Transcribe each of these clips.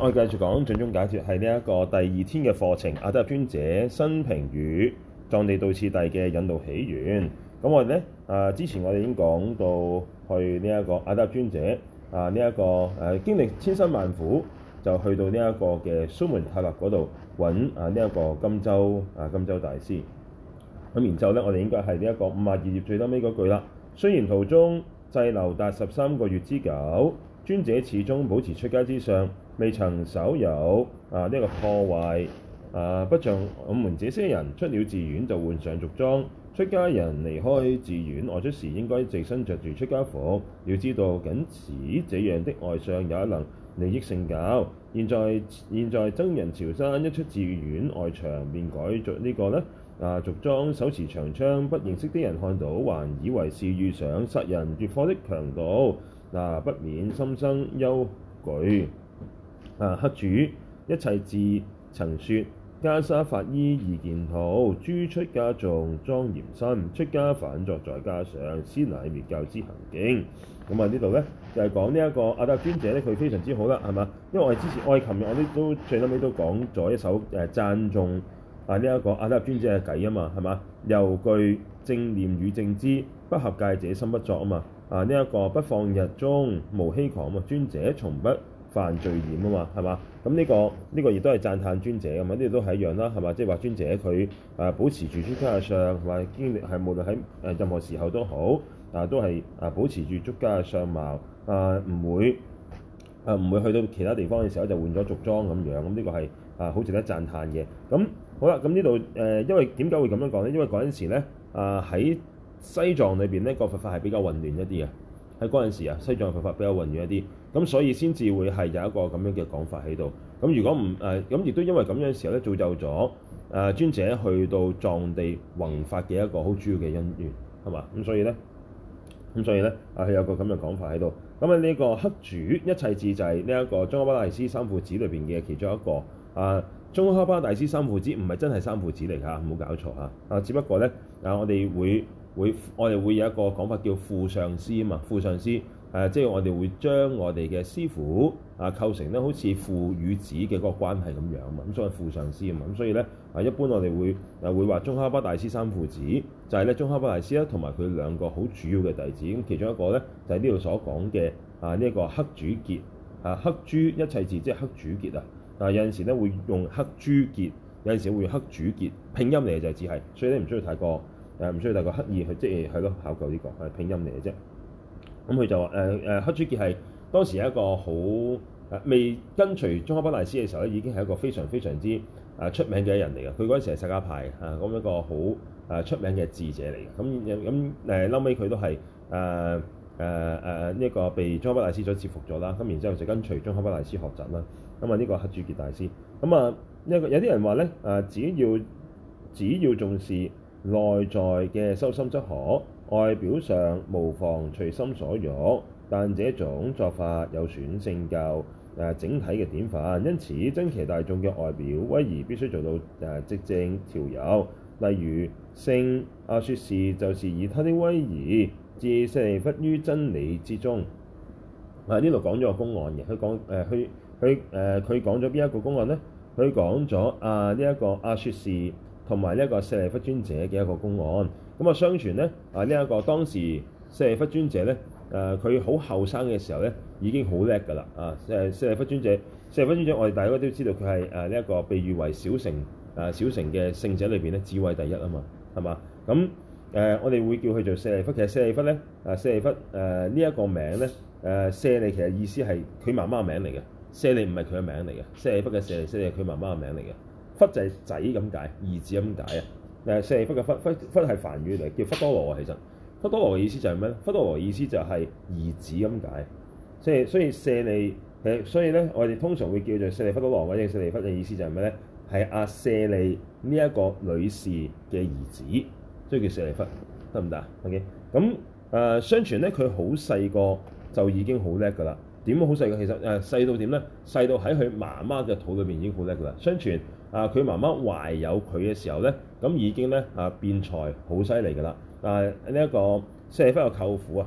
我繼續講掌中解脫係呢一個第二天嘅課程。阿德尊者生平與藏地道次第嘅引導起源。咁我咧啊，之前我哋已經講到去呢一個阿德尊者啊，呢、這、一個誒、啊、經歷千辛萬苦就去到呢一個嘅蘇門答臘嗰度揾啊呢一個金洲啊金洲大師。咁然之後咧，我哋應該係呢一個五十二頁最後尾嗰句啦。雖然途中滯留達十三個月之久，尊者始終保持出家之相，未曾稍有啊！呢、這、一個破壞啊，不像我們這些人，出了寺院就換上俗裝。出家人離開寺院外出時，應該直身着住出家服。要知道僅此這樣的外相也能利益聖教。現在現在，僧人朝山，一出寺院外牆，便改著呢個呢啊俗裝，手持長槍，不認識的人看到，還以為是遇上殺人越貨的強盜，那、啊、不免心生憂懼。啊！克珠一切智曾說：袈裟法衣二件套：諸出家眾莊嚴身，出家反作在家相，斯乃滅教之行徑。咁啊，呢度咧就係、是、講呢一個阿達尊者咧，佢非常之好啦，係嘛？因為我哋之前，我琴日我哋都最後尾都講咗一首誒、啊、讚頌啊呢一、這個阿達尊者嘅偈啊嘛，係嘛？又具正念與正知，不合戒者心不作啊嘛。啊呢一、這個不放日中無欺狂啊嘛，尊者從不犯罪嫌啊嘛，係、這個這個、嘛？咁呢個呢個亦都係讚歎尊者嘅嘛，呢度都係一樣啦，係嘛？即係話尊者佢誒、呃、保持住出家嘅相，同埋經歷係無論喺誒任何時候都好，啊都係啊保持住出家嘅相貌啊，唔會啊唔會去到其他地方嘅時候就換咗俗裝咁樣，咁、嗯、呢、這個係啊好值得讚歎嘅。咁好啦，咁呢度誒，因為點解會咁樣講咧？因為嗰陣時咧啊喺西藏裏邊咧，個佛法係比較混亂一啲嘅。喺嗰陣時啊，西藏嘅佛法比較混亂一啲，咁所以先至會係有一個咁樣嘅講法喺度。咁如果唔誒，咁、呃、亦都因為咁樣嘅時候咧，造就咗誒、呃、尊者去到藏地弘法嘅一個好主要嘅因緣，係嘛？咁所以咧，咁所以咧，啊，有個咁嘅講法喺度。咁喺呢一個克珠一切智就係呢一個宗喀巴大師三父子裏邊嘅其中一個。啊，宗喀巴大師三父子唔係真係三父子嚟㗎，冇搞錯吓。啊，只不過咧，啊，我哋會。會我哋會有一個講法叫父上師。啊嘛，父上師誒、啊，即係我哋會將我哋嘅師父啊構成咧，好似父與子嘅嗰個關係咁樣啊嘛，咁所以父上師，啊嘛，咁所以咧啊，一般我哋會啊會話宗喀巴大師三父子，就係、是、咧，宗喀巴大師啦，同埋佢兩個好主要嘅弟子，咁其中一個咧就係呢度所講嘅啊呢一、這個克主傑啊克珠一切智即係、就是、克主傑啊，啊有陣時咧會用克珠傑，有陣時候會用克主傑，拼音嚟嘅就係只係，所以咧唔需要太過。誒唔需要大家刻意去，即係喺度考究呢、這個係拼音嚟嘅啫。咁佢就話誒誒克珠傑係當時係一個好誒未跟隨宗喀巴大師嘅時候咧，已經係一個非常非常之誒出名嘅人嚟嘅。佢嗰陣時係薩迦派咁、啊、一個好誒出名嘅智者嚟嘅。咁咁誒後屘佢都係誒誒誒呢個被宗喀巴大師所折服咗啦。咁然之後就跟隨宗喀巴大師學習啦。咁啊呢個克珠傑大師咁啊呢個有啲人話咧誒，只要只要重視內在嘅修心即可，外表上無妨隨心所欲，但這種作法有損聖教誒、呃、整體嘅典範。因此，僧伽大眾嘅外表威儀必須做到誒、呃、寂靜調柔。例如，聖阿說是就是以他的威儀，舍利弗置於真理之中。喺呢度講咗個公案，而佢講誒佢佢誒佢講咗邊一個公案呢？佢講咗啊呢一、這個阿、啊、說是。同埋呢一個舍利弗尊者嘅一個公案，咁啊相傳咧啊呢一個當時舍利弗尊者咧，誒佢好後生嘅時候咧，已經好叻㗎啦啊！誒舍利弗尊者，舍利弗尊者，我哋大家都知道佢係誒呢一個被譽為小乘誒、啊、小乘嘅聖者裏邊咧智慧第一啊嘛，係嘛？咁誒、啊、我哋會叫佢做舍利弗，其實舍利弗咧誒舍利弗誒呢一個名咧誒舍利其實意思係佢媽媽名嚟嘅，舍利唔係佢嘅名嚟嘅，舍利弗嘅舍利舍利係佢媽媽嘅名嚟嘅。弗係仔咁解，兒子咁解啊？誒，舍利弗嘅弗弗弗係梵語嚟，叫弗多羅。其實弗多羅嘅意思就係咩？弗多羅嘅意思就係兒子咁解，所以所以舍利誒，所以咧我哋通常會叫做舍利弗多羅或者舍利弗嘅意思就係咩咧？係阿舍利呢一個女士嘅兒子，所以叫舍利弗得唔得啊？OK，咁誒、呃，相傳咧佢好細個就已經好叻㗎啦。點好細個？其實誒細、呃、到點咧？細到喺佢媽媽嘅肚裏邊已經好叻㗎啦。相傳。啊！佢媽媽懷有佢嘅時候咧，咁已經咧啊辯才好犀利㗎啦。但係呢一個舍利弗嘅舅父啊，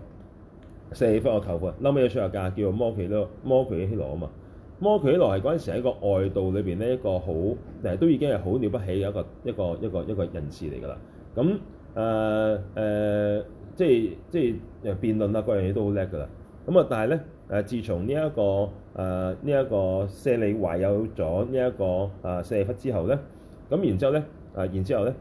舍利弗嘅舅父啊，嬲尾要出下價，叫做摩奇多摩奇希羅啊嘛。摩奇希羅係嗰陣時喺一個外道裏面咧，一個好誒，都已經係好了不起嘅一個一個一個一個人士嚟㗎啦。咁誒誒，即係即係誒辯論啊，各樣嘢都好叻㗎啦。咁啊，但係咧。自從呢、這、一個誒呢一個舍利懷有咗呢一個誒舍利弗之後咧，咁然之後咧，誒、啊、然之後咧，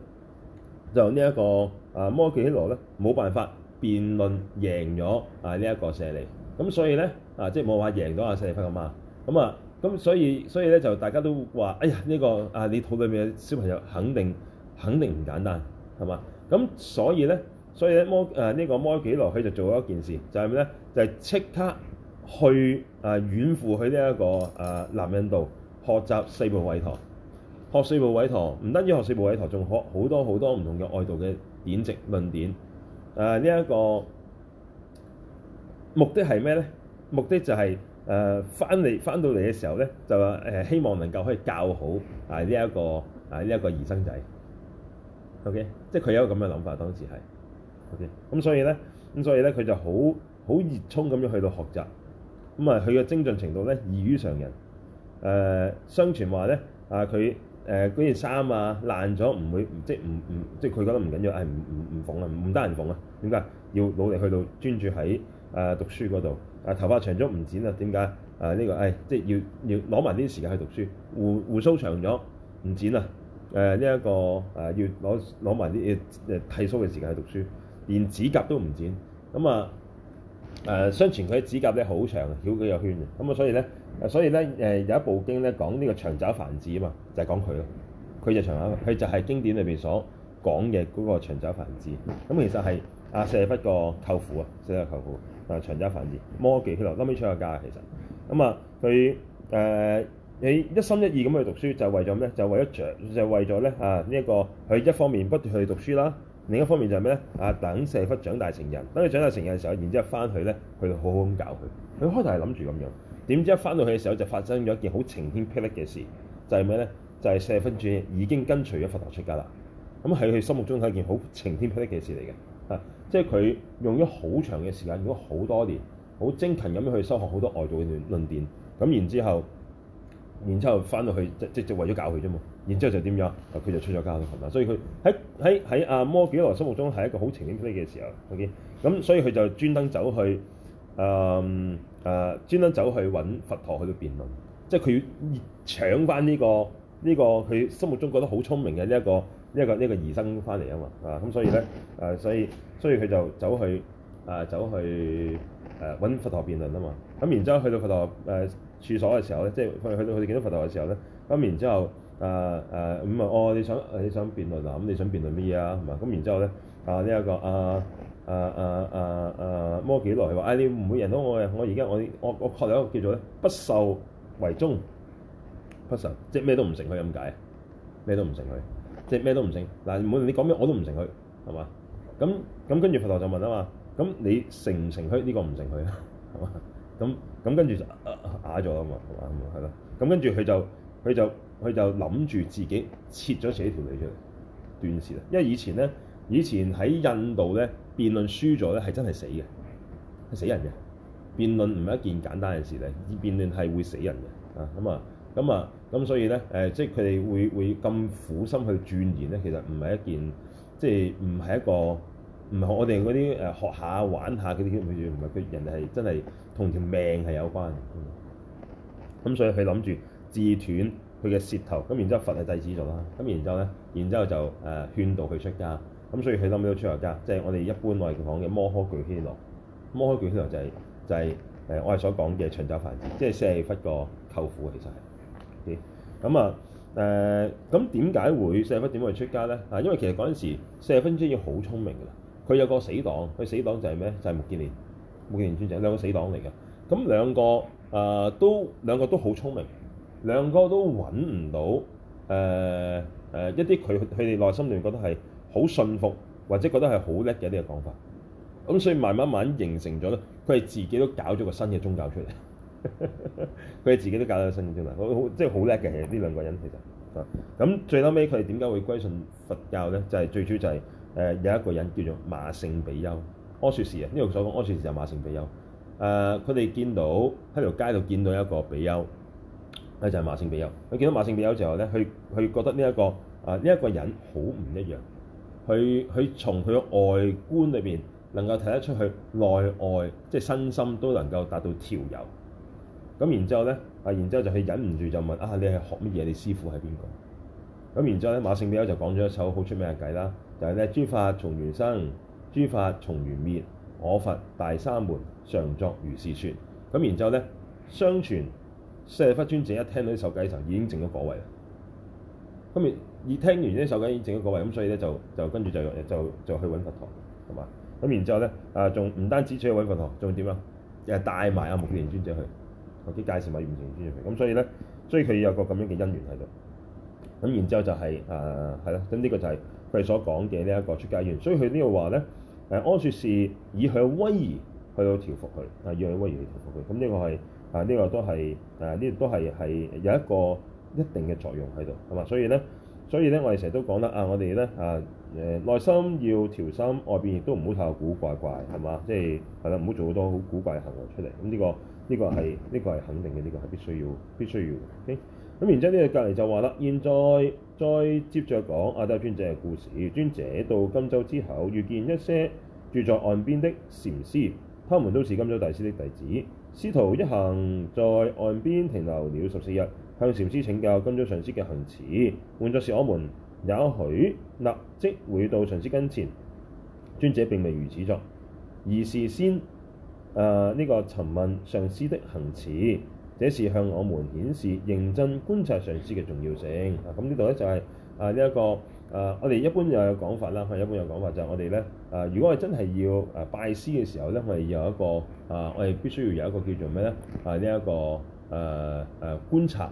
就、這個啊、呢一個摩傑羅咧，冇辦法辯論贏咗啊呢一個舍利，咁所以咧，啊即係冇話贏咗阿舍利弗咁嘛。咁啊，咁所以所以咧就大家都話：哎呀，呢、這個啊你肚裡面嘅小朋友肯定肯定唔簡單係嘛？咁所以咧，所以咧、這個、摩呢、啊這個、摩傑羅佢就做咗一件事，就係咩咧？就係、是、即刻。去啊、呃、遠赴去呢、這、一個啊、呃、南印度學習四部委託，學四部委託唔單止學四部委託，仲學好多好多唔同嘅外道嘅典籍論典。啊呢一個目的係咩咧？目的就係誒翻嚟翻到嚟嘅時候咧，就誒希望能夠可以教好啊呢一個啊呢一個兒生仔。OK，即係佢有咁嘅諗法當時係 OK。咁所以咧，咁所以咧佢就好好熱衷咁樣去到學習。咁啊，佢嘅精進程度咧異於常人。誒、呃，相傳話咧，啊佢誒嗰件衫啊爛咗唔會即係唔唔即係佢覺得唔緊要，係唔唔唔縫啦，唔得人縫啦。點解？要努力去到專注喺誒、呃、讀書嗰度。啊，頭髮長咗唔剪啦，點解？啊、呃、呢、呢個、哎、即係要要攞埋啲時間去讀書。胡，胡長咗唔剪啦、呃呢個啊、鬚長咗唔剪啦。呢一個要攞攞埋啲要誒剃鬚嘅時間去讀書，連指甲都唔剪。咁、嗯、啊～誒、呃，相傳佢指甲咧好長，繞幾個圈嘅。咁、嗯、啊，所以咧，所以咧，誒、呃、有一部經咧講呢個長爪梵志啊嘛，就係、是、講佢咯。佢就長爪，佢就係經典裏邊所講嘅嗰個長爪梵志。咁、嗯、其實係啊，舍利弗嘅舅父啊，舍利弗舅父啊，長爪梵志。魔技佢度，諗起出家其實。咁、嗯、啊，佢誒你一心一意咁去讀書，就為咗咩？就為咗著，就為咗咧啊呢一、這個佢一方面不斷去讀書啦。啊另一方面就係咩咧？啊，等舍弗長，長大成人，等佢長大成人嘅時候，然之後翻去咧，去好好咁教佢。佢開頭係諗住咁樣，點知一翻到去嘅時候就發生咗一件好晴天霹靂嘅事，就係咩咧？就係舍弗轉已經跟隨咗佛陀出家啦。咁喺佢心目中係一件好晴天霹靂嘅事嚟嘅。啊，即係佢用咗好長嘅時間，用咗好多年，好精勤咁樣去修學好多外道嘅論論點。咁然之後，然之後翻到去，即即即為咗教佢啫嘛。然之後就點樣？嗱，佢就出咗家門啦。所以佢喺喺喺阿摩揭羅心目中係一個好情天理嘅時候，OK。咁、嗯、所以佢就專登走去誒誒，專、嗯、登、啊、走去揾佛陀去度辯論，即係佢要搶翻呢、呢個呢、呢個佢心目中覺得好聰明嘅呢一個呢一、呢個呢、呢個姨甥翻嚟啊嘛。啊，咁所以咧誒，所以、啊、所以佢就走去啊，走去誒揾、啊、佛陀辯論啊嘛。咁然之後去到佛陀誒、啊、處所嘅時候咧，即係去去到去見到佛陀嘅時候咧，咁然之後。誒誒，咁啊，哦，你想、uh、你想辯論嗱，咁、uh、你想辯論乜嘢啊？係嘛，咁然之後咧，啊呢一個啊啊啊啊啊摩羯羅，佢話：哎，你唔會贏到我嘅，我而家我我我確立一個叫做咧不受為宗不受，即係咩都唔成佢咁解，咩都唔成佢，即係咩都唔成嗱。無論你講咩，我都唔成佢係嘛。咁咁跟住佛陀就問啊嘛，咁你成唔成佢？呢個唔成佢啊，係嘛？咁咁跟住就啞咗啊嘛，係嘛？係咯，咁跟住佢就佢就。佢就諗住自己切咗自己條脷出嚟斷舌啦，因為以前咧，以前喺印度咧辯論輸咗咧係真係死嘅，死人嘅。辯論唔係一件簡單嘅事嚟，以辯論係會死人嘅啊咁啊咁啊咁，所以咧、呃、即係佢哋會會咁苦心去鑽研咧，其實唔係一件即係唔係一個唔係我哋嗰啲呃學下玩下嗰啲，唔係佢人哋係真係同條命係有關咁、啊、所以佢諗住自斷。佢嘅舌頭，咁然之後佛嘅弟子做啦，咁然之後咧，然之後就誒勸導佢出家，咁所以佢諗屘出家，即係我哋一般我哋講嘅摩訶巨軒羅，摩訶巨軒羅就係就係我哋所講嘅長洲凡子，即係舍利弗個舅父其實係咁啊誒，咁點解會舍利弗點解出家咧？啊，因為其實嗰陣時舍利弗尊者好聰明㗎啦，佢有個死黨，佢死黨就係咩？就係目犍連，目犍連尊者兩個死黨嚟㗎，咁兩個誒都兩個都好聰明。兩個都揾唔到，誒、呃、誒、呃、一啲佢佢哋內心裏面覺得係好信服，或者覺得係好叻嘅一啲嘅講法，咁所以慢慢慢形成咗咧，佢哋自己都搞咗個新嘅宗教出嚟，佢 哋自己都搞咗個新嘅宗教，好好即係好叻嘅。其呢兩個人其實，咁、啊、最後尾，佢哋點解會歸信佛教咧？就係、是、最主要就係、是、誒、呃、有一個人叫做馬勝比丘阿說是啊，呢個所講阿說是就馬勝比丘，誒佢哋見到喺條街度見到一個比丘。就係、是、馬勝比丘，佢見到馬勝比丘之後咧，佢佢覺得呢、這、一個啊呢一、這個人好唔一樣，佢佢從佢嘅外觀裏邊能夠睇得出佢內外，即係身心都能夠達到調柔。咁然之後咧，啊然之後就佢忍唔住就問：啊你係學乜嘢？你師傅係邊個？咁然之後咧，馬勝比丘就講咗一首好出名嘅偈啦，就係咧：諸法從緣生，諸法從緣滅，我佛大三門，常作如是說。咁然之後咧，相傳。舍弗尊者一聽到啲受戒僧已經證咗果,果位，咁咪以聽完啲受戒已經證咗果位，咁所以咧就就跟住就就就,就,就去揾佛陀。係嘛？咁然之後咧，啊、呃，仲唔單止出去揾佛陀，仲點啊？誒，帶埋阿目連尊者去，或者介紹埋圓靜尊者去。咁所以咧，所以佢有個咁樣嘅因緣喺度。咁然之後就係啊，係啦，咁呢個就係佢哋所講嘅呢一個出家緣。所以佢、就是呃這個、呢個話咧，誒、呃、阿說是以佢嘅威儀去到調伏佢，啊，用佢嘅威儀去調伏佢。咁、這、呢個係。啊！呢、這個都係，啊呢度、這個、都係係有一個一定嘅作用喺度，係嘛？所以咧，所以咧，我哋成日都講啦，啊我哋咧啊誒內、呃、心要調心，外邊亦都唔好太古怪怪，係嘛？即係係啦，唔好做好多好古怪嘅行為出嚟。咁呢、這個呢、這個係呢、這個係肯定嘅，呢、這個係必須要必須要。須要 OK，咁然之後呢個隔離就話啦，現在再接着講阿底峽尊者嘅故事。尊者到金洲之後，遇見一些住在岸邊的禪師，他們都是金洲大師的弟子。師徒一行在岸邊停留了十四日，向禪師請教跟蹤上師嘅行持。換作是我們也許立即回到上師跟前。尊者並未如此作，而是先呢、呃這個尋問上師的行持。這是向我們顯示認真觀察上師嘅重要性。咁、啊嗯、呢度咧就係、是、啊呢一、這個。誒、啊，我哋一般又有講法啦。我一般有一講法，是講法就係我哋咧誒，如果我哋真係要誒拜師嘅時候咧，我哋有一個啊，我哋必須要有一個叫做咩咧？啊，呢、這、一個誒誒、啊啊、觀察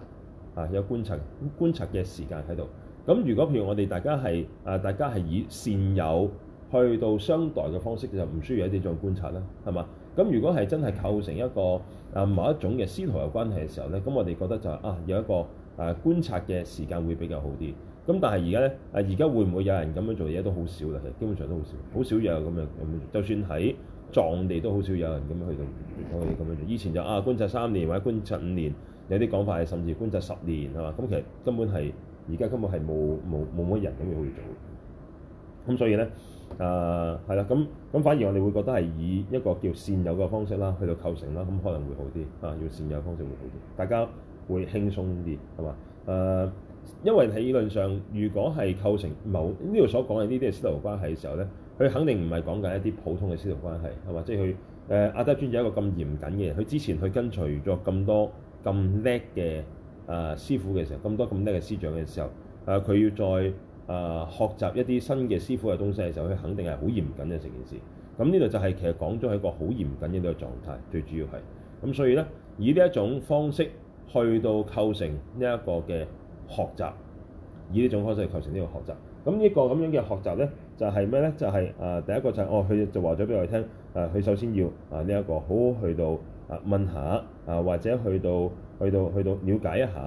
啊，有觀察觀察嘅時間喺度。咁如果譬如我哋大家係誒、啊，大家係以善友去到相待嘅方式，就唔需要一啲再觀察啦，係嘛？咁如果係真係構成一個啊某一種嘅師徒嘅關係嘅時候咧，咁我哋覺得就啊，有一個誒、啊、觀察嘅時間會比較好啲。咁但係而家咧，誒，而家會唔會有人咁樣做嘢都好少啦，其實基本上都好少，好少有咁樣咁樣做。就算喺藏地都好少有人咁樣去到做咁樣。以前就啊，觀察三年或者觀察五年，有啲講法係甚至觀察十年係嘛。咁其實根本係而家根本係冇冇冇乜人咁樣去做。咁所以咧，誒係啦。咁咁反而我哋會覺得係以一個叫善有嘅方式啦，去到構成啦，咁可能會好啲啊。要善有嘅方式會好啲，大家會輕鬆啲係嘛？誒。啊。因為喺理論上，如果係構成某呢度所講嘅呢啲嘅師徒關係嘅時候咧，佢肯定唔係講緊一啲普通嘅師徒關係，係嘛？即佢誒阿底尊有一個咁嚴謹嘅人，佢之前佢跟隨咗咁多咁叻嘅啊師傅嘅時候，咁多咁叻嘅師長嘅時候，誒、呃、佢要再啊、呃、學習一啲新嘅師傅嘅東西嘅時候，佢肯定係好嚴謹嘅成件事。咁呢度就係其實講咗係一個好嚴謹嘅一個狀態，最主要係咁。所以咧，以呢一種方式去到構成呢一個嘅。學習，以呢種方式去構成呢個學習，咁呢個咁樣嘅學習咧，就係咩咧？就係呃第一個就係哦，佢就話咗俾我哋聽誒，佢首先要啊呢一個好好去到啊、呃、問下啊、呃，或者去到去到去到了解一下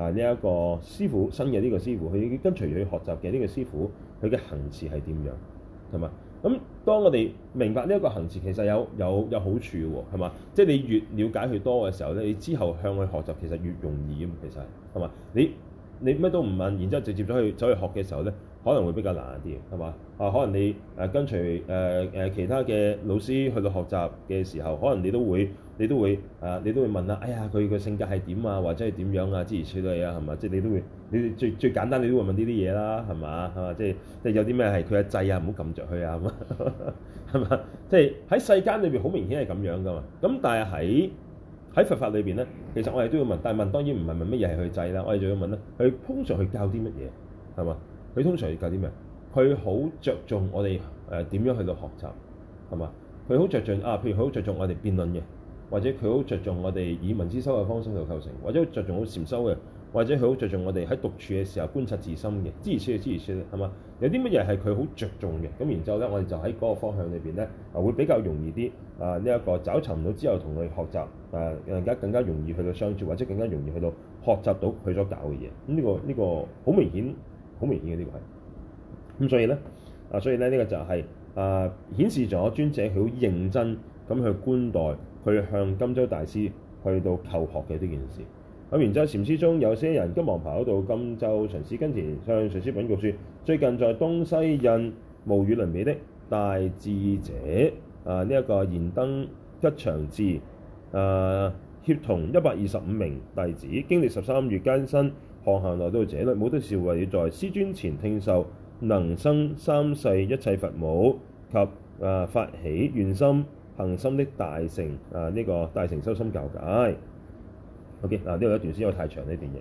啊呢一個師傅新嘅呢個師傅，佢跟隨佢學習嘅呢個師傅，佢嘅行詞係點樣係嘛？咁當我哋明白呢一個行詞，其實有有有好處嘅喎，係嘛？即係你越了解佢多嘅時候咧，你之後向佢學習其實越容易嘅其實係嘛？你。你咩都唔問，然之後直接咗去走去學嘅時候咧，可能會比較難啲嘅，係嘛？啊，可能你誒、啊、跟隨誒誒其他嘅老師去到學習嘅時候，可能你都會你都會啊，你都會問啦，哎呀，佢個性格係點啊，或者係點樣啊，諸如此類處理啊，係嘛？即係你都會，你最最簡單，你都會問呢啲嘢啦，係嘛？係嘛？即係即係有啲咩係佢嘅掣啊，唔好撳着佢啊，係嘛？係嘛？即係喺世間裏面好明顯係咁樣噶嘛，咁但係喺喺佛法裏面呢，其實我哋都要問，但係問當然唔係問乜嘢係去制，我哋就要問啦，佢通常去教啲乜嘢係嘛？佢通常去教啲咩？佢好着重我哋點樣去到學習係嘛？佢好着重啊，譬如好着重我哋辯論嘅，或者佢好着重我哋以聞思修嘅方式去構成，或者好着重好禪修嘅。或者佢好着重我哋喺獨處嘅時候觀察自身嘅，之而 said 之而 said，係嘛？有啲乜嘢係佢好著重嘅？咁然之後咧，我哋就喺嗰個方向裏面咧，啊會比較容易啲啊呢一個找尋到之後同佢學習啊，家更加容易去到相處，或者更加容易去到學習到佢所搞嘅嘢。咁呢個呢個好明顯，好明顯嘅呢個係。咁、嗯、所以咧啊，所以咧呢個就係啊顯示咗尊者佢好認真咁去觀待，去向金洲大師去到求學嘅呢件事。然之後禪師中，有些人急忙跑到金洲上師跟前，向上師稟告說：最近在東西印無與倫比的大智者啊，呢、這、一個燃燈吉祥智啊，協同一百二十五名弟子，經歷十三月艱辛，航行來到這裏，目的係為了在師尊前聽受能生三世一切佛母及啊發起願心行心的大乘。啊呢、這個大乘修心教解。OK 嗱、啊，呢度一段先，我太長呢段嘢。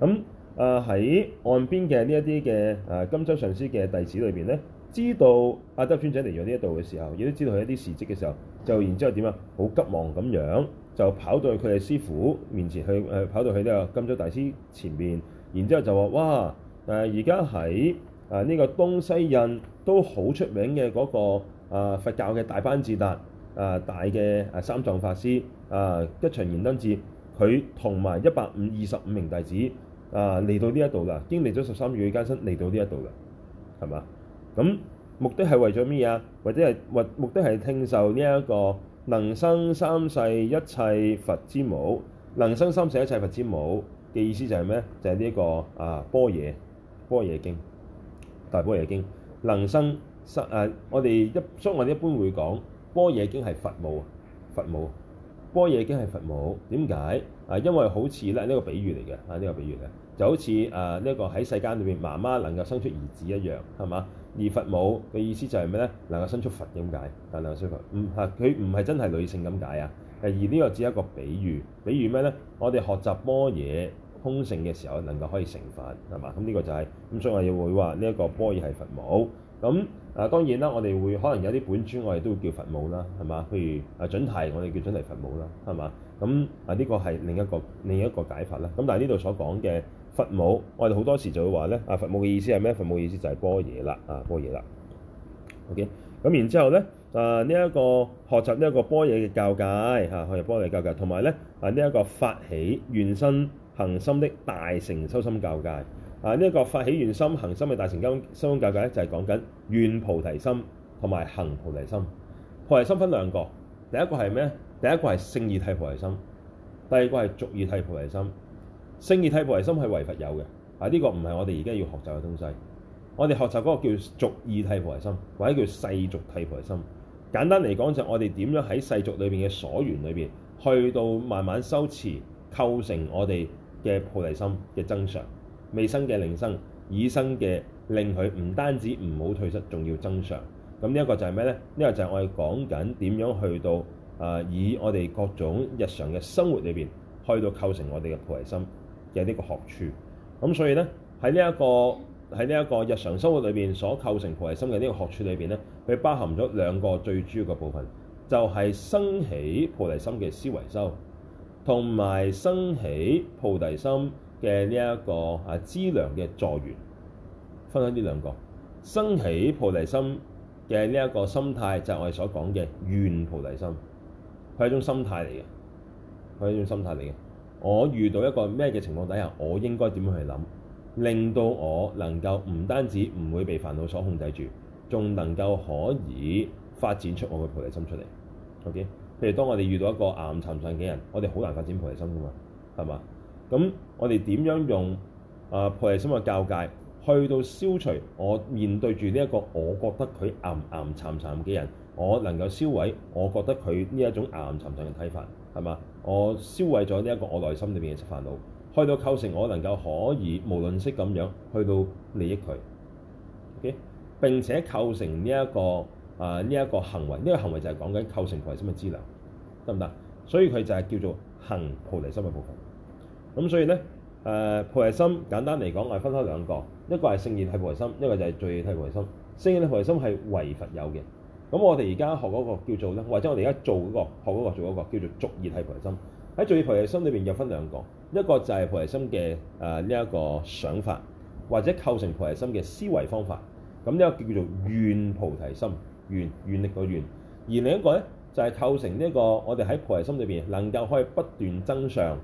咁誒喺岸邊嘅呢一啲嘅誒金洲上師嘅弟子裏邊咧，知道阿、啊、底峽尊者嚟咗呢一度嘅時候，亦都知道佢一啲事蹟嘅時候，就然之後點啊？好急忙咁樣就跑到佢師傅面前去，誒、啊、跑到佢呢個金洲大師前面，然之後就話：哇誒！而家喺誒呢個東西印度好出名嘅嗰、那個、啊、佛教嘅大班智達誒、啊、大嘅誒三藏法師誒、啊、吉祥燃燈智。佢同埋一百五二十五名弟子啊嚟到呢一度啦，經歷咗十三月嘅艱辛嚟到呢一度啦，係嘛？咁目的係為咗咩啊？或者係目的係聽受呢一個能生三世一切佛之母，能生三世一切佛之母嘅意思就係咩？就係呢一個啊般若，般若經，大般若經，能生生誒、啊，我哋一所以我哋一般會講般若經係佛母啊，佛母。般若已經係佛母，點解？啊，因為好似咧呢個比喻嚟嘅，啊呢、這個比喻咧，就好似啊呢一、這個喺世間裏邊媽媽能夠生出兒子一樣，係嘛？而佛母嘅意思就係咩咧？能夠生出佛咁解，啊梁師傅，嗯嚇，佢唔係真係女性咁解啊，而呢個只係一個比喻，比喻咩咧？我哋學習般若空性嘅時候，能夠可以成佛，係嘛？咁呢個就係、是，咁所以我亦會話呢一個般若係佛母。咁啊，當然啦，我哋會可能有啲本尊，我哋都會叫佛母啦，係嘛？譬如啊，準提，我哋叫準提佛母啦，係嘛？咁啊，呢個係另一個另一個解法啦。咁、啊、但係呢度所講嘅佛母，我哋好多時就會話咧，啊，佛母嘅意思係咩？佛母嘅意思就係般若啦，啊，般若啦。OK，咁然之後咧，啊，呢、這、一個學習呢一個般若嘅教界嚇，學習般若教界，同埋咧啊，呢一、啊這個發起願心、行心的大乘修心教界。啊！呢一個發起願心行心嘅大乘修心教授咧，就係講緊願菩提心同埋行菩提心。菩提心分兩個，第一個係咩？第一個係勝義諦菩提心，第二個係俗義諦菩提心。勝義諦菩提心係唯佛有嘅啊！呢、這個唔係我哋而家要學習嘅東西。我哋學習嗰個叫俗義諦菩提心或者叫世俗諦菩提心。簡單嚟講，就係我哋點樣喺世俗裏邊嘅所緣裏邊，去到慢慢修持構成我哋嘅菩提心嘅真相。未生嘅令生，已生嘅令佢唔單止唔好退失，仲要增上。咁呢一個就係咩呢？呢、呢個就係我哋講緊點樣去到、呃、以我哋各種日常嘅生活裏面，去到構成我哋嘅菩提心嘅呢個學處。咁所以呢，喺呢一個喺呢一個日常生活裏面所構成菩提心嘅呢個學處裏面呢，呢佢包含咗兩個最主要嘅部分，就係、是、生起菩提心嘅思維修，同埋生起菩提心。嘅呢一個啊資糧嘅助緣，分享呢兩個生起菩提心嘅呢一個心態，就係我哋所講嘅願菩提心，佢係一種心態嚟嘅，佢係一種心態嚟嘅。我遇到一個咩嘅情況底下，我應該點樣去諗，令到我能夠唔單止唔會被煩惱所控制住，仲能夠可以發展出我嘅菩提心出嚟。OK，譬如當我哋遇到一個貪瞋憤嘅人，我哋好難發展菩提心㗎嘛，係嘛？咁我哋點樣用啊菩提心嘅教界去到消除我面對住呢一個我覺得佢巖巖沉沉嘅人，我能夠消毀我覺得佢呢一種巖沉沉嘅睇法，係嘛？我消毀咗呢一個我內心裏邊嘅煩惱，去到構成我能夠可以無論識咁樣去到利益佢，OK？並且構成呢一個啊呢一個行為，呢個行為就係講緊構成菩提心嘅資糧，得唔得？所以佢就係叫做行菩提心嘅部分。咁、嗯、所以咧，誒菩提心簡單嚟講，我係分開兩個，一個係勝義諦菩提心，一個就係世俗諦菩提心。勝義諦菩提心係唯佛有嘅。咁我哋而家學嗰個叫做咧，或者我哋而家做嗰、那個學嗰個做嗰、那個叫做世俗諦菩提心。喺世俗菩提心裏邊又分兩個，一個就係菩提心嘅誒呢一個想法，或者構成菩提心嘅思維方法。咁呢個叫做願菩提心，願願力個願。而另一個咧就係、是、構成呢、這、一個我哋喺菩提心裏邊能夠可以不斷增上。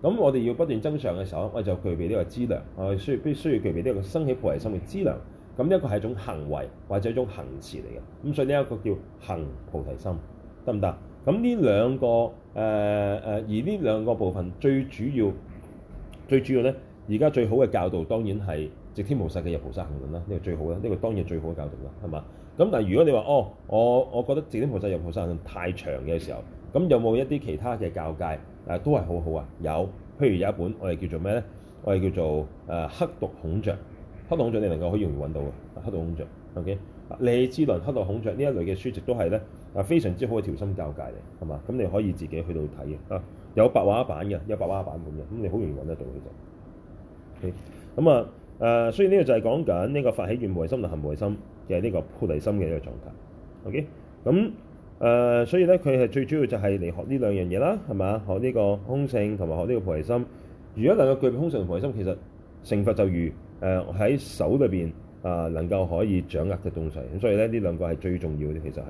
咁我哋要不斷增上嘅時候，我就具備呢個資糧，我哋需必須要具備呢個生起菩提心嘅資糧。咁呢一個係一種行為或者一種行詞嚟嘅，咁所以呢一個叫行菩提心，得唔得？咁呢兩個誒、呃、而呢兩個部分最主要最主要咧，而家最好嘅教導當然係《寂天菩薩嘅入菩薩行論》啦，呢個最好啦，呢、這個當然最好嘅教導啦，係嘛？咁但係如果你話哦，我我覺得《寂天菩薩入菩薩行論》太長嘅時候，咁有冇一啲其他嘅教界？誒、啊、都係好好啊，有譬如有一本我哋叫做咩咧？我哋叫做誒、啊《黑毒孔雀》，《黑毒孔雀》你能夠好容易揾到嘅，《黑毒孔雀》OK。李智倫《黑毒孔雀》呢一類嘅書籍都係咧，誒非常之好嘅調心教戒嚟，係嘛？咁你可以自己去到睇嘅啊，有白話版嘅，有白話版本嘅，咁你好容易揾得到嘅就 OK、啊。咁啊誒，所以呢個就係講緊呢個發起願無為心同行無為心嘅呢、就是、個菩提心嘅呢個狀態。OK，咁。誒、呃，所以咧，佢係最主要就係嚟學呢兩樣嘢啦，係嘛？學呢個空性同埋學呢個菩提心。如果能夠具備空性同菩提心，其實成佛就如誒喺、呃、手裏邊啊，能夠可以掌握嘅東西。咁所以咧，呢兩個係最重要嘅。其實係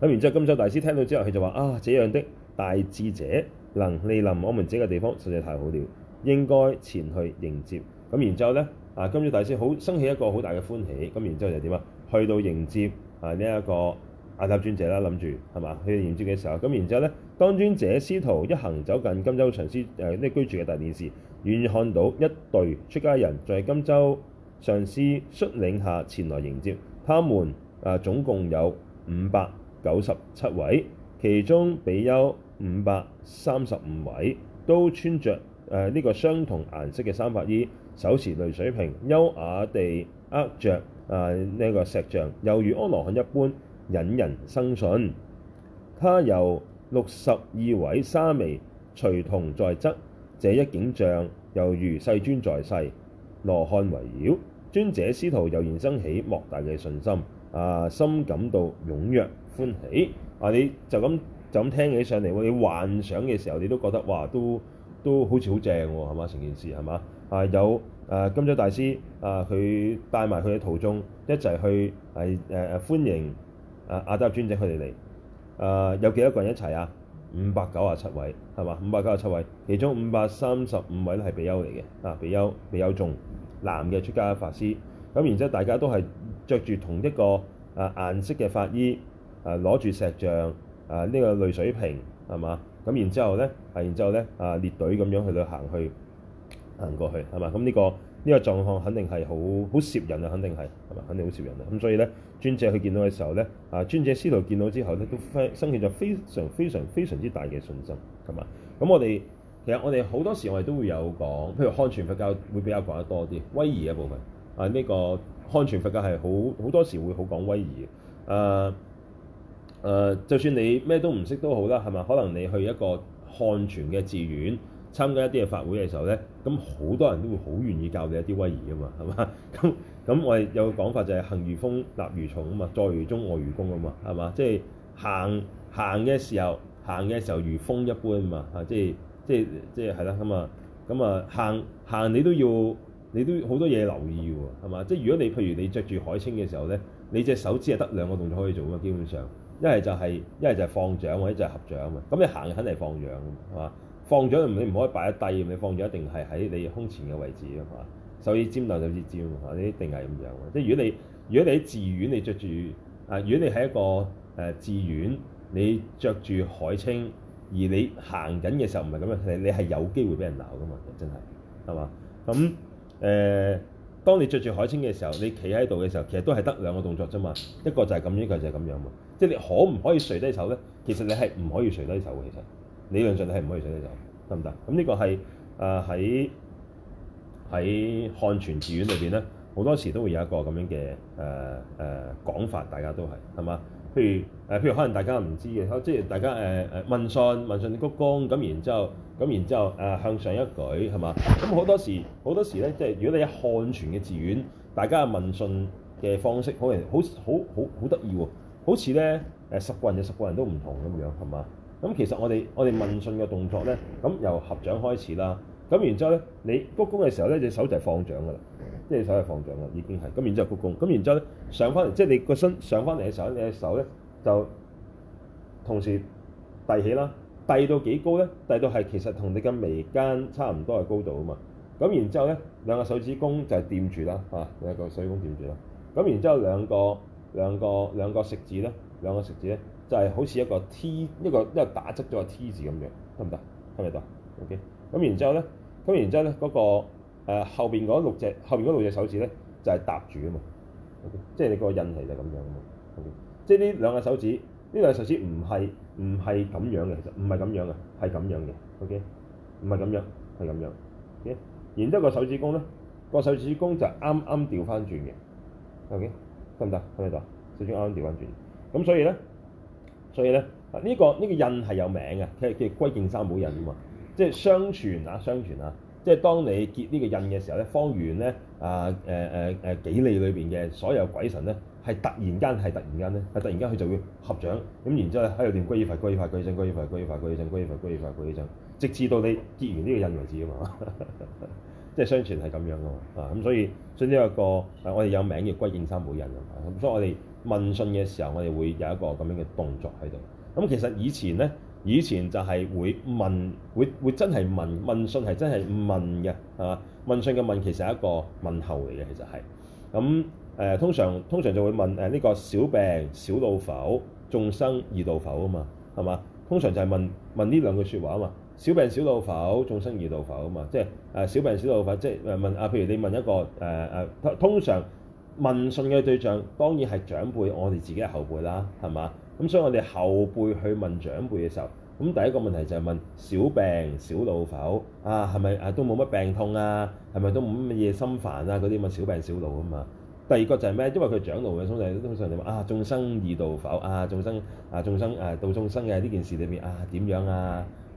咁。然之後，金洲大師聽到之後，佢就話：啊，這樣的大智者能蒞臨我們這個地方，實在太好了，應該前去迎接。咁然之後咧，啊，金洲大師好生起一個好大嘅歡喜。咁然之後就點啊？去到迎接啊呢一、這個。阿塔尊者啦，諗住係嘛？去迎接嘅時候咁，然之後咧，當尊者師徒一行走近金洲上師呢居住嘅大殿時，遠遠看到一隊出家人在金洲上師率領下前來迎接，他們啊、呃、總共有五百九十七位，其中比丘五百三十五位都穿着呢、呃這個相同顏色嘅三法衣，手持濾水瓶，優雅地握着呢、呃這個錫杖，猶如阿羅漢一般。引人生信，他由六十二位沙彌隨同在側，這一景象猶如世尊在世，羅漢圍繞，尊者師徒油然生起莫大嘅信心，啊，深感到踴躍歡喜，啊，你就咁就咁聽起上嚟，你幻想嘅時候，你都覺得哇，都都好似好正喎，啊，係嘛？成件事係嘛？啊，有啊，金洲大師啊，佢帶埋佢嘅途中一齊去係誒誒歡迎。啊！阿底峽尊者佢哋嚟，啊有幾多個人一齊啊？五百九十七位係嘛？五百九十七位，其中五百三十五位咧係比丘嚟嘅，啊比丘比丘眾，男嘅出家法師，咁然之後大家都係着住同一個啊顏色嘅法衣，啊攞住錫杖，啊呢、這個濾水瓶係嘛？咁然之後咧，係然之後咧，啊，呢啊列隊咁樣去旅行去行過去係嘛？咁呢、這個。呢、個狀況肯定係好好攝人啊！肯定係，係嘛？肯定好攝人啊！咁所以咧，尊者去見到嘅時候咧，啊，尊者師徒見到之後咧，都非生起咗非常非常非常之大嘅信心，係嘛？咁我哋其實我哋好多時我哋都會有講，譬如漢傳佛教會比較講得多啲威儀嘅部分啊，呢、個漢傳佛教係好好多時會好講威儀嘅。誒、啊啊、就算你咩都唔識都好啦，係嘛？可能你去一個漢傳嘅寺院。參加一啲嘅法會嘅時候咧，咁好多人都會好願意教你一啲威儀噶嘛，係嘛？咁咁我哋有個講法就係行如風，立如松啊嘛，坐如鐘，臥如弓啊嘛，係嘛？即係行行嘅時候，行嘅時候如風一般啊嘛，啊即係即係即係係啦咁啊，咁啊行行你都要你都好多嘢留意喎，係嘛？即係如果你譬如你着住海青嘅時候咧，你隻手指係得兩個動作可以做啊嘛，基本上一係就係一係就係放掌或者就係合掌啊嘛，咁你行肯定係放掌，係嘛？放咗你唔可以擺得低，你放咗一定係喺你胸前嘅位置啊嘛！手指尖度手指尖啊，呢一定係咁樣。即係如果你如果你喺寺院，你着住啊，如果你係一個誒、呃、寺院，你着住海青，而你行緊嘅時候唔係咁樣，你係有機會俾人鬧噶嘛，真係係嘛？咁誒、嗯呃，當你着住海青嘅時候，你企喺度嘅時候，其實都係得兩個動作啫嘛。一個就係咁樣，一個就係咁樣喎。即係你可唔可以垂低手咧？其實你係唔可以垂低手嘅，其實。理論上你係唔可以上呢種，得唔得？咁呢個係誒喺喺漢傳寺院裏邊咧，好多時都會有一個咁樣嘅誒誒講法，大家都係係嘛？譬如誒、呃，譬如可能大家唔知嘅，即係大家誒誒、呃、問訊問訊鞠躬，咁然之後，咁然之後誒、呃、向上一舉係嘛？咁好多時好多時咧，即係如果你喺漢傳嘅寺院，大家嘅問訊嘅方式很，可能好好好好得意喎，好似咧誒十個人嘅十個人都唔同咁樣係嘛？咁其實我哋我哋問訊嘅動作咧，咁由合掌開始啦。咁然之後咧，你鞠躬嘅時候咧，隻手就係放掌噶啦，即係手係放掌噶，已經係。咁然之後鞠躬，咁然之後咧，上翻嚟，即係你個身上翻嚟嘅時候你隻手咧就同時遞起啦。遞到幾高咧？遞到係其實同你嘅眉間差唔多嘅高度啊嘛。咁然之後咧，兩個手指公就係掂住啦，嚇、啊，一個手指公掂住啦。咁然之後兩個兩個兩個食指咧，兩個食指咧。就係好似一個 T，一個一個打側咗個 T 字咁樣，得唔得？得唔得？OK。咁然之後咧，咁然之後咧，嗰個誒後邊嗰六隻後邊六隻手指咧，就係搭住啊嘛。OK，即係你個印係就係咁樣啊嘛。OK，即係呢兩隻手指，呢兩隻手指唔係唔係咁樣嘅，其實唔係咁樣嘅，係咁樣嘅。OK，唔係咁樣，係咁樣的。OK。然之後個手指公咧，個手指公就啱啱掉翻轉嘅。OK，得唔得？得唔得？手指啱啱掉翻轉。咁所以咧。所以咧，啊、這、呢個呢、這個印係有名嘅，叫叫歸敬三寶印啊嘛，即係相傳啊，相傳啊，即係當你結呢個印嘅時候咧，方圓咧啊誒誒誒幾里裏邊嘅所有鬼神咧，係突然間係突然間咧，係突然間佢就會合掌，咁然之後咧喺度念歸依法、歸依法、歸依法、歸依法、歸依法、歸依法、歸依法、歸依法，直至到你結完呢個印為止啊嘛，呵呵即係相傳係咁樣啊嘛，啊咁所以，所以呢、這、一個我哋有名叫歸敬三寶印啊嘛，咁所以我哋，問訊嘅時候，我哋會有一個咁樣嘅動作喺度。咁其實以前咧，以前就係會問，會會真係問問訊係真係問嘅，係嘛？問訊嘅問，問，問其實係一個問候嚟嘅，其實係。咁、嗯、誒、呃，通常通常就會問誒呢、啊這個少病少惱否，眾生易度否啊嘛，係嘛？通常就係問問呢兩句説話啊嘛。少病少惱否，眾生易度否、就是、啊嘛。即係誒少病少惱否，即、就、係、是、問啊。譬如你問一個誒誒、啊啊，通常。問訊嘅對象當然係長輩，我哋自己係後輩啦，係嘛？咁所以我哋後輩去問長輩嘅時候，咁第一個問題就係問少病少惱否啊？係咪誒都冇乜病痛啊？係咪都冇乜嘢心煩啊？嗰啲咪少病少惱啊嘛。第二個就係咩？因為佢長老嘅，所以通常你點啊？眾生易度否啊？眾生啊，眾生誒到、啊、眾生嘅呢件事裏面啊，點樣啊？誒誒誒誒誒，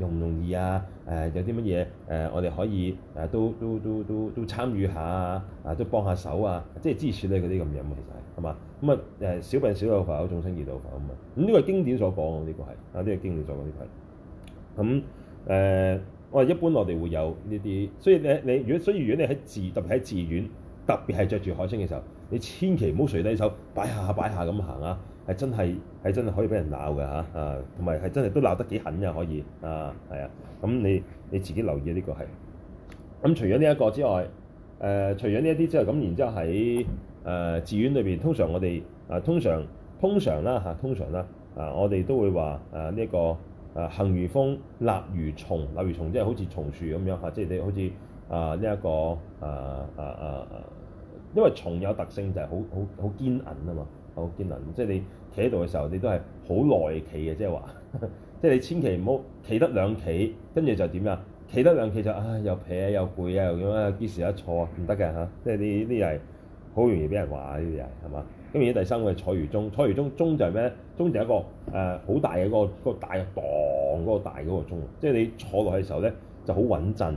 容唔容易啊？誒、啊、有啲乜嘢誒？我哋可以誒、啊、都都都都都參與下啊！啊，都幫下手啊！即係支持你嗰啲咁樣，其實係係嘛？咁啊誒，小病小有佛，眾生見到佛咁啊！咁呢個係經典所講，呢個係啊，呢個經典所講，呢個係咁誒。我話一般我哋會有呢啲，所以你你如果所以如果你喺自特別喺寺院，特別係着住海青嘅時候，你千祈唔好垂低手，擺下擺下咁行啊！係真係係真係可以俾人鬧嘅嚇啊，同埋係真係都鬧得幾狠嘅可以啊，係啊，咁你你自己留意呢、這個係。咁除咗呢一個之外，誒、呃、除咗呢一啲之外，咁然之後喺誒寺院裏邊，通常我哋啊通常通常啦嚇，通常啦啊，啊，啊，我哋都會話啊呢一、這個啊行如風，立如松，立如松即係好似松樹咁樣嚇，即、啊、係、就是、你好似啊呢一、這個啊啊啊，因為松有特性就係好好好堅韌啊嘛。好見能，即係你企喺度嘅時候，你都係好耐企嘅，即係話，即係你千祈唔好企得兩企，跟住就點呀？企得兩企就啊，又攣又攰啊，又點啊？幾時一坐啊？唔得嘅嚇，即係呢啲人好容易俾人話呢啲人係嘛？咁而家第三個係坐如鐘。坐如鐘，鐘就係咩？鐘就係一個誒好、呃、大嘅嗰、嗰個嗰個大嘅嗰、嗰個大嗰、嗰個、個鐘，即係你坐落去嘅時候咧就好穩陣，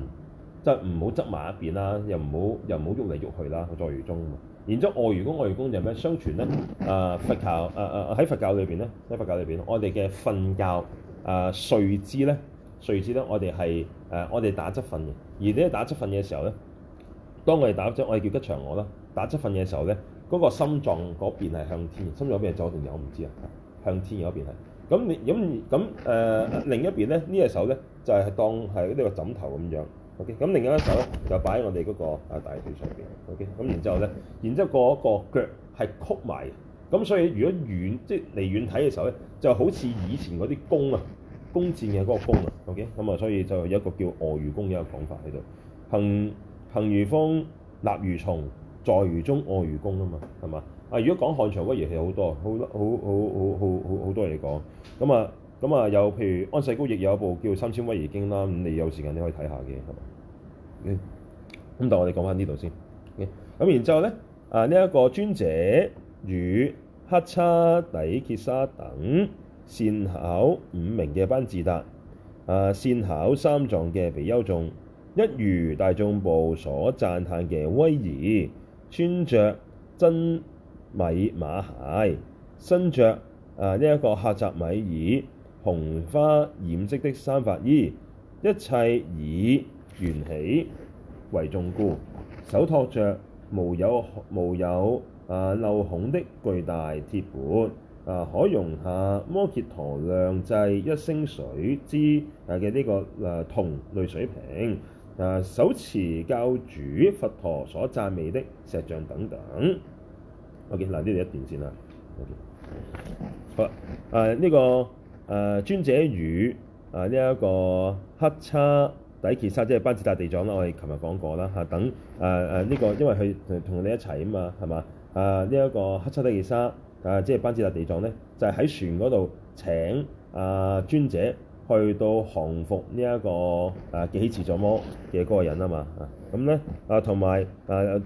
即係唔好執埋一邊啦，又唔好又唔好喐嚟喐去啦，我坐如鐘。然之後，外圓功，外圓功就係咩？相傳咧，誒、呃、佛教，誒誒喺佛教裏邊咧，喺佛教裏邊，我哋嘅瞓覺，誒睡姿咧，睡姿咧，我哋係誒我哋打側瞓嘅。而你打側瞓嘅時候咧，當我哋打側，我哋叫吉祥臥啦。打側瞓嘅時候咧，嗰、那個心臟嗰邊係向天，然心臟嗰邊係左定右，我唔知啊。向天然嗰邊係，咁你咁咁誒另一邊咧，這個、呢隻手咧就係、是、當係呢個枕頭咁樣。OK，咁另一隻手就擺喺我哋嗰個啊大腿上邊。OK，咁然之後咧，然之後嗰個腳係曲埋，咁所以如果遠即係離遠睇嘅時候咧，就好似以前嗰啲弓啊，弓箭嘅嗰個弓啊。OK，咁啊，所以就有一個叫臥如弓嘅講法喺度。行行如風，立如松，坐如鐘，臥如弓啊嘛，係嘛？啊，如果講漢朝威儀，其實好多好，好，好，好，好，好，好，好，好多好多好好好好好好多嘢講。咁啊～咁啊，有譬如安世高亦有一部叫《三千威儀經》啦。咁你有時間你可以睇下嘅。嗯，咁、okay. 但我哋講翻呢度先。咁、okay. 然之後咧，啊呢一、這個尊者與乞叉底蘗沙等善巧五明嘅班智達，啊善巧三藏嘅比丘眾，一如大眾部所讚嘆嘅威儀，穿着真米瑪鞋，身着啊呢一、這個克什米爾，紅花染色的三法衣，一切以緣起為重故，手托着無有無有啊漏孔的巨大鐵缽啊，可容下摩羯陀量制一升水之嘅呢個啊銅類水瓶啊，手持教主佛陀所讚美的石像等等。我見嗱呢度一段先啦，好、okay. 啦、啊，呢、呢個。誒、呃、尊者與誒呢一個乞叉底蘗沙，即係班智達地藏啦。我哋琴日講過啦、啊、等誒誒呢個，因為佢同同你一齊啊嘛，係嘛？誒呢一個乞叉底蘗沙，誒、呃、即係班智達地藏咧，就係、是、喺船嗰度請啊、呃、尊者去到降服呢、這、一個誒、呃、起慈作魔嘅嗰個人嘛啊嘛，咁咧，同埋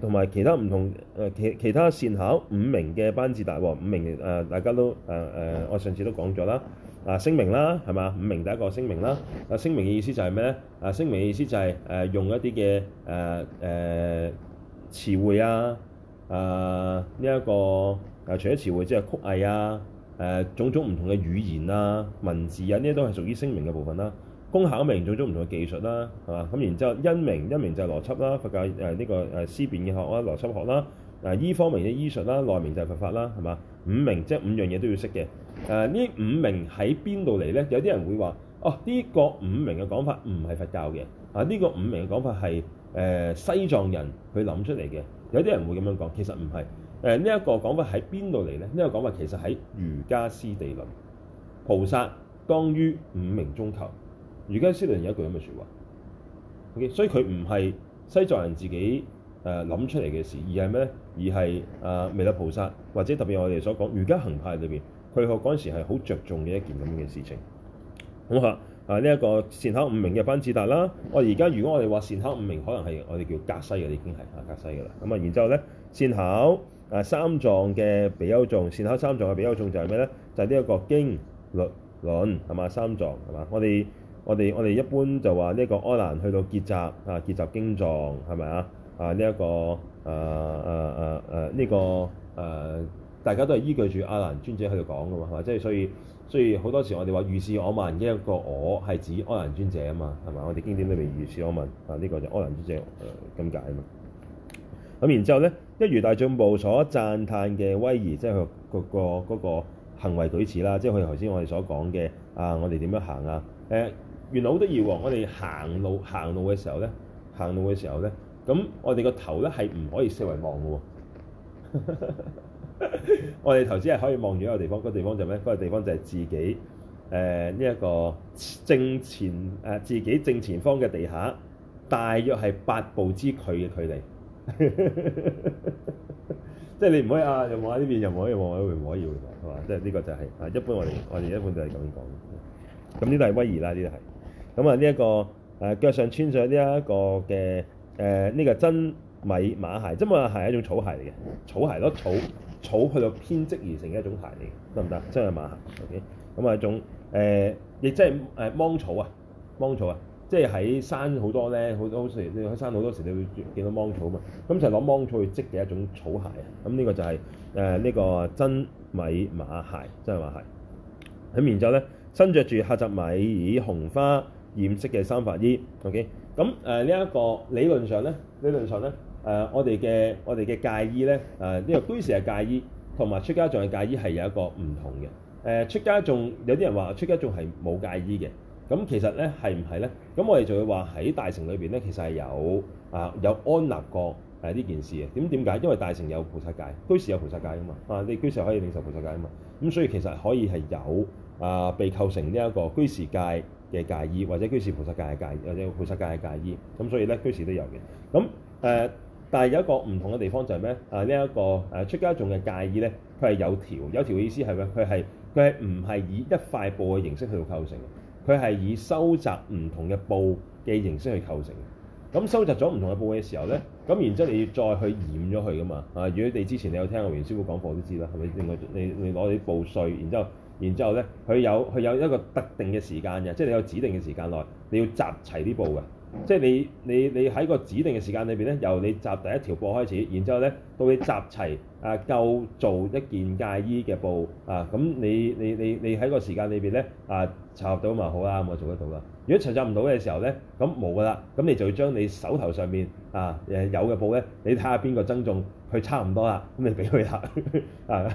同埋其他唔同其其他善巧五明嘅班智達喎、哦，五明誒、呃、大家都誒、呃呃、我上次都講咗啦。啊，聲明啦，係嘛？五名第一個聲明啦。啊，聲明嘅意思就係咩咧？啊，聲明嘅意思就係誒用一啲嘅誒誒詞彙啊，啊呢一個啊除咗詞彙之，即係曲藝啊，誒種種唔同嘅語言啊、文字啊，呢啲都係屬於聲明嘅部分啦。工巧名種種唔同嘅技術啦、啊，係嘛？咁然之後音明，一明就邏輯啦，佛教誒呢個誒思辨嘅學啊，邏輯學啦。啊！醫方明嘅醫術啦，內明就係佛法啦，係嘛？五明，即係五樣嘢都要識嘅。誒、啊，呢五明喺邊度嚟呢？有啲人會話：哦、啊，呢、這個五明嘅講法唔係佛教嘅。啊，呢、這個五明嘅講法係誒、呃、西藏人佢諗出嚟嘅。有啲人會咁樣講，其實唔係。誒、啊，呢、這、一個講法喺邊度嚟呢？呢、這個講法其實喺瑜伽師地論。菩薩當於五明中求。瑜伽師地論有一句咁嘅説話。O.K.，所以佢唔係西藏人自己。誒、啊、諗出嚟嘅事，而係咩咧？而係彌勒菩薩或者特別我哋所講，瑜伽行派裏面，佢學嗰陣時係好著重嘅一件咁嘅事情。好下，啊呢一、這個善巧五明嘅班智達啦。我而家如果我哋話善巧五明，可能係我哋叫格西嘅已經係啊格西噶啦。咁啊，然之後咧善巧、啊、三藏嘅比丘眾，善巧三藏嘅比丘眾就係咩咧？就係呢一個經律論係嘛，三藏係嘛。我哋我哋我哋一般就話呢一個阿難去到結集啊，結集經藏係咪啊？啊！呢一個誒誒誒誒呢個誒，大家都係依據住阿蘭尊者喺度講嘅嘛，係嘛？即係所以，所以好多時候我哋話如是我問，一個我係指阿蘭尊者啊嘛，係嘛？我哋經典裡面如是我問，啊呢、啊這個就是阿蘭尊者誒咁解啊嘛。咁然之後咧，一如大眾部所讚嘆嘅威儀，即係佢嗰個嗰、那個行為舉止啦，即係佢頭先我哋所講嘅啊，我哋點樣行啊？誒、欸、原來好得意喎！我哋行路行路嘅時候咧，行路嘅時候咧。咁我哋個頭咧係唔可以四圍望嘅喎，我哋頭先係可以望住一個地方，嗰、那個地方就咩？嗰、那個地方就係自己誒呢一個正前誒、呃、自己正前方嘅地下，大約係八步之距嘅距離。即係你唔可以啊，又望下呢邊，又唔可以望下嗰邊，唔可以喎，係嘛？即係呢個就係、是、啊，一般我哋我哋一般都係咁講。咁呢度係威儀啦，呢度係。咁啊呢一個誒、呃、腳上穿著呢一個嘅。誒、呃、呢、這個真米瑪鞋，真米鞋係一種草鞋嚟嘅，草鞋咯，草草去到編織而成嘅一種鞋嚟，嘅，得唔得？真米瑪鞋 OK。咁啊一種誒亦即係誒芒草啊，芒草啊，即係喺山好多咧，好多好多時喺山好多時你會見到芒草啊嘛。咁就攞芒草去織嘅一種草鞋啊。咁呢個就係誒呢個真米瑪鞋，真米瑪鞋。咁然之後咧，身着住克什米以紅花染色嘅三法衣 OK。咁誒呢一個理論上咧，理論上咧誒、呃，我哋嘅我哋嘅戒衣咧誒，呢、呃這個居士嘅戒衣同埋出家眾嘅戒衣係有一個唔同嘅、呃。出家眾有啲人話出家眾係冇戒衣嘅，咁其實咧係唔係咧？咁我哋就會話喺大乘裏面咧，其實係有啊有安立過呢件事嘅。點點解？因為大乘有菩薩戒，居士有菩薩戒啊嘛。啊，你居士可以領受菩薩戒啊嘛。咁所以其實可以係有啊被構成呢一個居士戒嘅介衣或者居士菩薩界嘅介，意，或者菩薩界嘅介衣，咁所以咧居士都有嘅。咁誒、呃，但係有一個唔同嘅地方就係咩？誒呢一個誒、啊、出家眾嘅介衣咧，佢係有條，有條嘅意思係咩？佢係佢係唔係以一塊布嘅形式去到構成佢係以收集唔同嘅布嘅形式去構成。咁收集咗唔同嘅布嘅時候咧，咁然之後你要再去染咗佢噶嘛？啊，如果你之前你有聽阿袁師傅講課，都知啦，係咪？另外你你攞啲布碎，然之後。然之後咧，佢有佢有一個特定嘅時間嘅，即係你有指定嘅時間內，你要集齊啲布嘅。即係你你你喺個指定嘅時間裏邊咧，由你集第一條布開始，然之後咧，到你集齊啊夠做一件戒衣嘅布啊，咁你你你你喺個時間裏邊咧啊，集合到咪好啦，咪做得到啦。如果集集唔到嘅時候咧，咁冇㗎啦，咁你就要將你手頭上面啊誒有嘅布咧，你睇下邊個增重。佢差唔多啦，咁你俾佢啦，啊，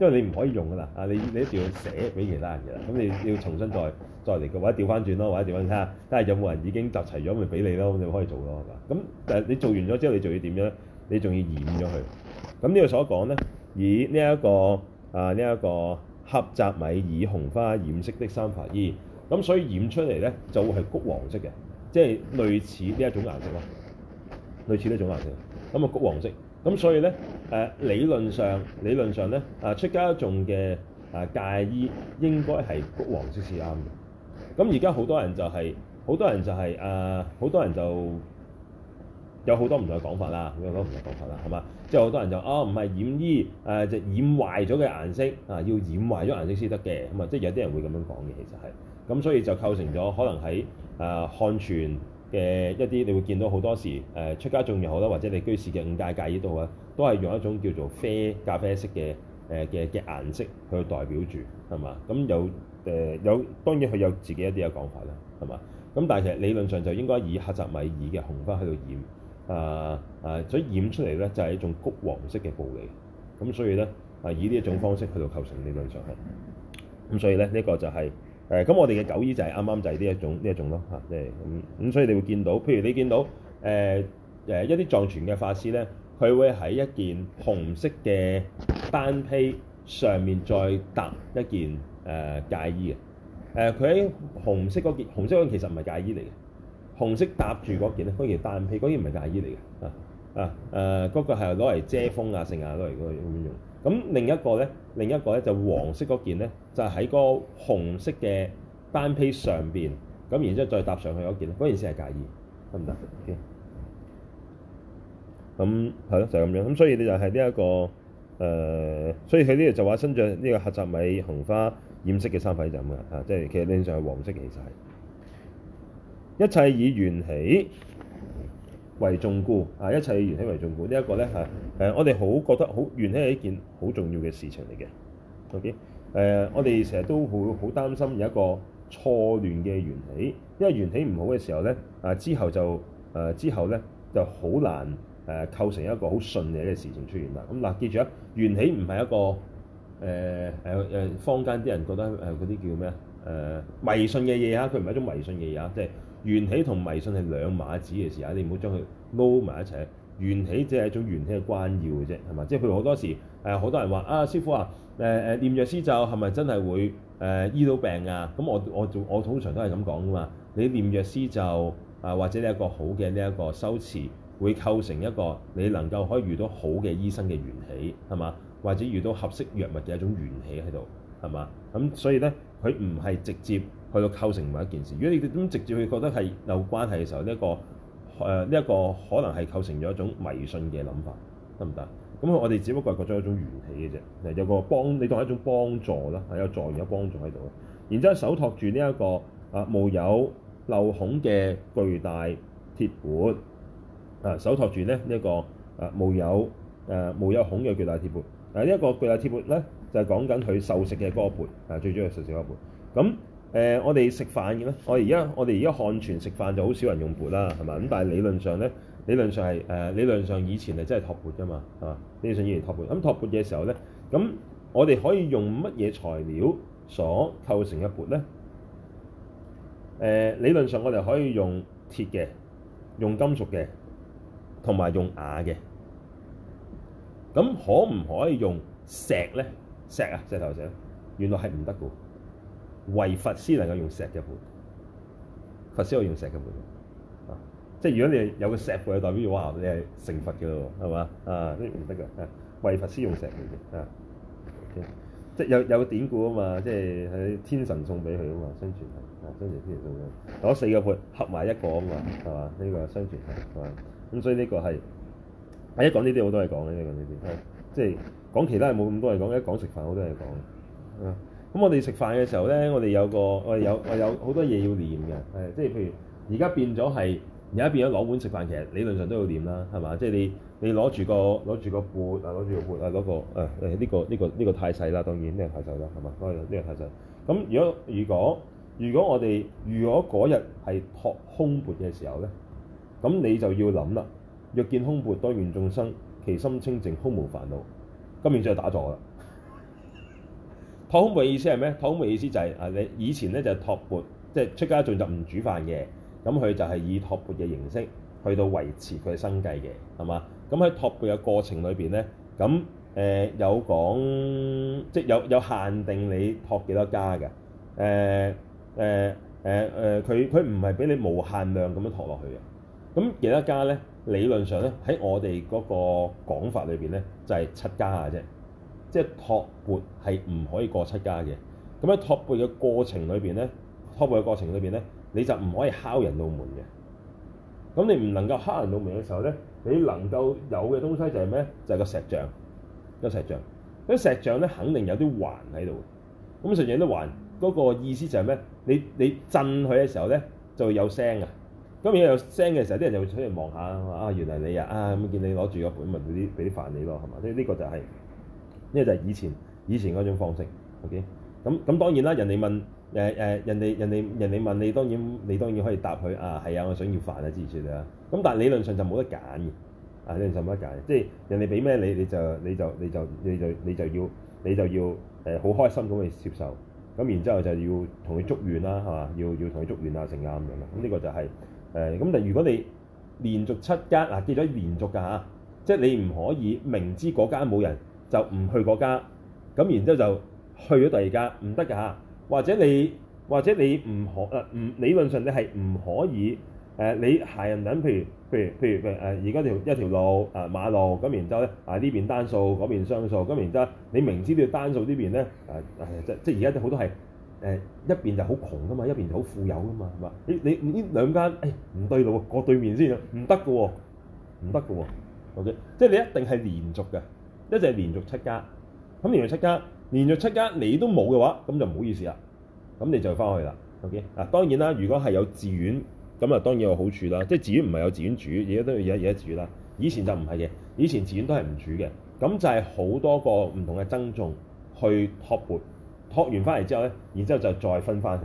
因為你唔可以用噶啦，啊，你你一定要寫俾其他人嘅啦，咁你要重新再再嚟嘅話，調翻轉咯，或者調翻睇下，睇下有冇人已經集齊咗，咪俾你咯，咁你就可以做咯，係咪？咁但係你做完咗之後，你仲要點樣？你仲要染咗佢。咁呢個所講咧，以呢一個啊呢一個克什米爾紅花染色的三法衣，咁所以染出嚟咧就會係橘黃色嘅，即係類似呢一種顏色咯，類似呢種顏色，咁啊橘黃色。咁所以咧，誒、啊、理論上，理論上咧，誒、啊、出家眾嘅誒戒衣應該係橘黃色先至啱嘅。咁而家好多人就係、是，好多人就係、是，誒、啊、好多人就有好多唔同嘅講法啦，好多唔同嘅講法啦，好嘛？即係好多人就哦唔係染衣，誒、啊、就染壞咗嘅顏色，啊要染壞咗顏色先得嘅，咁啊即係有啲人會咁樣講嘅，其實係。咁所以就構成咗可能喺誒、啊、漢傳。嘅一啲你會見到好多時，誒、呃、出家仲又好啦，或者你居士嘅五戒戒呢度咧，都係用一種叫做啡咖啡色嘅誒嘅嘅顏色去代表住係嘛？咁有誒、呃、有當然佢有自己一啲嘅講法啦，係嘛？咁但係其實理論上就應該以克什米爾嘅紅花喺度染啊啊、呃呃，所以染出嚟咧就係一種橘黃色嘅布嚟，咁所以咧啊以呢一種方式去到構成理論上係，咁所以咧呢、呢個就係、是。誒、嗯、咁我哋嘅九衣就係啱啱就係呢一種呢一種咯嚇，即係咁咁，所以你會見到，譬如你見到誒誒、呃呃、一啲藏傳嘅法師咧，佢會喺一件紅色嘅單披上面再搭一件誒、呃、戒衣嘅。誒佢喺紅色嗰件紅色嗰件其實唔係戒衣嚟嘅，紅色搭住嗰件咧，嗰件單披嗰件唔係戒衣嚟嘅啊啊誒，嗰、呃那個係攞嚟遮風啊，成啊攞嚟嗰個用咩用？咁另一個咧，另一個咧就黃色嗰件咧，就喺、是、個紅色嘅單披上邊，咁然之後再搭上去嗰件，嗰件先係介意得唔得？OK，咁係咯，就係、是、咁樣。咁所以你就係呢一個誒，所以佢呢度就話、這個呃、身着呢個克什米爾紅花染色嘅衫款就咁嘅嚇，即係其實拎上去黃色其實係，一切以緣起為重故啊，一切緣起為重故，呢、這個、一個咧嚇誒，我哋好覺得好緣起係一件好重要嘅事情嚟嘅。OK，誒，我哋成日都會好擔心有一個錯亂嘅緣起，因為緣起唔好嘅時候咧啊，之後就誒、呃、之後咧就好難誒構成一個好順利嘅事情出現啦。咁嗱記住啊，緣起唔係一個誒誒誒，坊間啲人覺得誒嗰啲叫咩誒、呃、迷信嘅嘢嚇，佢唔係一種迷信嘅嘢嚇，即係。緣起同迷信係兩碼子嘅事，你唔好將佢撈埋一齊。緣起即係一種緣起嘅關要嘅啫，係嘛？即係譬如好多時誒，好多人話啊，師傅啊，誒、呃、誒唸藥師咒係咪真係會誒醫到病啊？咁我我我，我通常都係咁講噶嘛。你念藥師咒啊，或者你一個好嘅呢一個修持，會構成一個你能夠可以遇到好嘅醫生嘅緣起，係嘛？或者遇到合適藥物嘅一種緣起喺度，係嘛？咁所以咧，佢唔係直接。去到構成某一件事。如果你咁直接去覺得係有關係嘅時候，呢、這、一個呢一、呃這個可能係構成咗一種迷信嘅諗法，得唔得？咁我哋只不過係覺得一種緣起嘅啫。有個幫你當係一種幫助啦，有個助緣有幫助喺度。然之後手托住呢一個啊無有漏孔嘅巨大鐵盤啊，手托住咧呢一個啊無有誒無有孔嘅巨大鐵盤。啊、呢一、這個啊啊啊這個巨大鐵盤咧就係、是、講緊佢受食嘅嗰個盤啊，最主要受食嗰個盤咁。誒、呃，我哋食飯嘅啦，我而家我哋而家漢傳食飯就好少人用缽啦，係咪？咁但係理論上咧，理論上係誒、呃，理論上以前係真係托缽㗎嘛，係嘛？理論上以前托缽，咁托缽嘅時候咧，咁我哋可以用乜嘢材料所構成一缽咧？誒、呃，理論上我哋可以用鐵嘅，用金屬嘅，同埋用瓦嘅。咁可唔可以用石咧？石啊，石頭石、啊，原來係唔得㗎。為佛先能夠用石嘅盤，佛先可以用石嘅盤。啊，即係如果你係有個石盤，就代表哇，你係成佛嘅咯，係嘛？啊，呢唔得㗎，啊，為佛先用石盤嘅。啊 okay，即係有有個典故啊嘛，即係喺天神送俾佢啊嘛，相傳啊，相傳天神送嘅攞四個盤合埋一個啊嘛，係嘛？呢、呢個相傳啊，咁所以呢個係啊，一講呢啲好多嘢講嘅，呢講呢啲係即係講其他係冇咁多嘢講，一講食飯好多嘢講啊。咁我哋食飯嘅時候咧，我哋有個我哋有我有好多嘢要念嘅，係 即係譬如而家變咗係而家變咗攞碗食飯，其實理論上都要念啦，係嘛？即係你你攞住個攞住個盤啊，攞、哎、住、哎這個盤啊，攞、這個誒呢、這個呢個呢個太細啦，當然呢個太細啦，係嘛？呢個呢個太細。咁如果如果如果我哋如果嗰日係托空盤嘅時候咧，咁你就要諗啦。若見空盤，當現眾生其心清靜，空無煩惱。今次就打坐啦。托空缽嘅意思係咩？托空缽嘅意思就係、是、啊，你以前咧就係托缽，即、就、係、是、出家眾就唔煮飯嘅，咁佢就係以托缽嘅形式去到維持佢嘅生計嘅，係嘛？咁喺托缽嘅過程裏邊咧，咁誒、呃、有講，即係有有限定你托幾多家嘅，誒誒誒誒，佢佢唔係俾你無限量咁樣托落去嘅，咁幾多家咧，理論上咧喺我哋嗰個講法裏邊咧就係、是、七家啊啫。即係托缽係唔可以過七家嘅，咁喺托缽嘅過程裏邊咧，托缽嘅過程裏邊咧，你就唔可以敲人到門嘅。咁你唔能夠敲人到門嘅時候咧，你能夠有嘅東西就係咩？就係、是、個錫杖，個錫杖。啲、那個、錫杖咧肯定有啲環喺度。咁錫杖啲環，嗰、那個意思就係咩？你你震佢嘅時候咧就會有聲啊。咁如果有聲嘅時候，啲人就會出嚟望下啊，原來你啊啊咁見你攞住個缽給你，問啲俾啲飯你咯，係嘛？即係呢個就係、是。呢、這個、就係以前以前嗰種方式，OK？咁咁當然啦，人哋問誒誒、呃，人哋人哋人哋問你，當然你當然可以答佢啊，係啊，我想要飯啊，之前你啊。咁但係理論上就冇得揀嘅，啊，理論上冇得揀，即係人哋俾咩你你就你就你就你就你就，你就要你就要誒好、呃、開心咁去接受，咁然之後就要同佢祝願啦，係嘛？要要同佢祝願啊，成啊咁樣啦。咁呢、這個就係誒咁，但如果你連續七間嗱、啊，記住連續㗎吓、啊，即係你唔可以明知嗰間冇人。就唔去嗰家，咁然之後就去咗第二家，唔得㗎嚇。或者你或者你唔可啊，唔理論上你係唔可以誒、呃。你行人緊，譬如譬如譬如誒，而家、啊、條一條路啊馬路，咁然之後咧啊呢邊單數，嗰邊雙數，咁然之後你明知呢度單數呢邊咧啊啊即即而家啲好多係誒一邊就好窮㗎嘛，一邊就好富有㗎嘛係嘛？你你呢兩間誒唔對路喎，過對面先唔得㗎喎，唔得㗎喎。O.K.，即係你一定係連續嘅。一直係連續七家，咁連續七家，連續七家你都冇嘅話，咁就唔好意思啦。咁你就翻去啦。OK，嗱、啊、當然啦，如果係有寺院，咁啊當然有好處啦。即係寺院唔係有寺院煮，而家都要而家而家煮啦。以前就唔係嘅，以前寺院都係唔煮嘅。咁就係好多個唔同嘅僧眾去托缽，托完翻嚟之後咧，然之後就再分翻佢。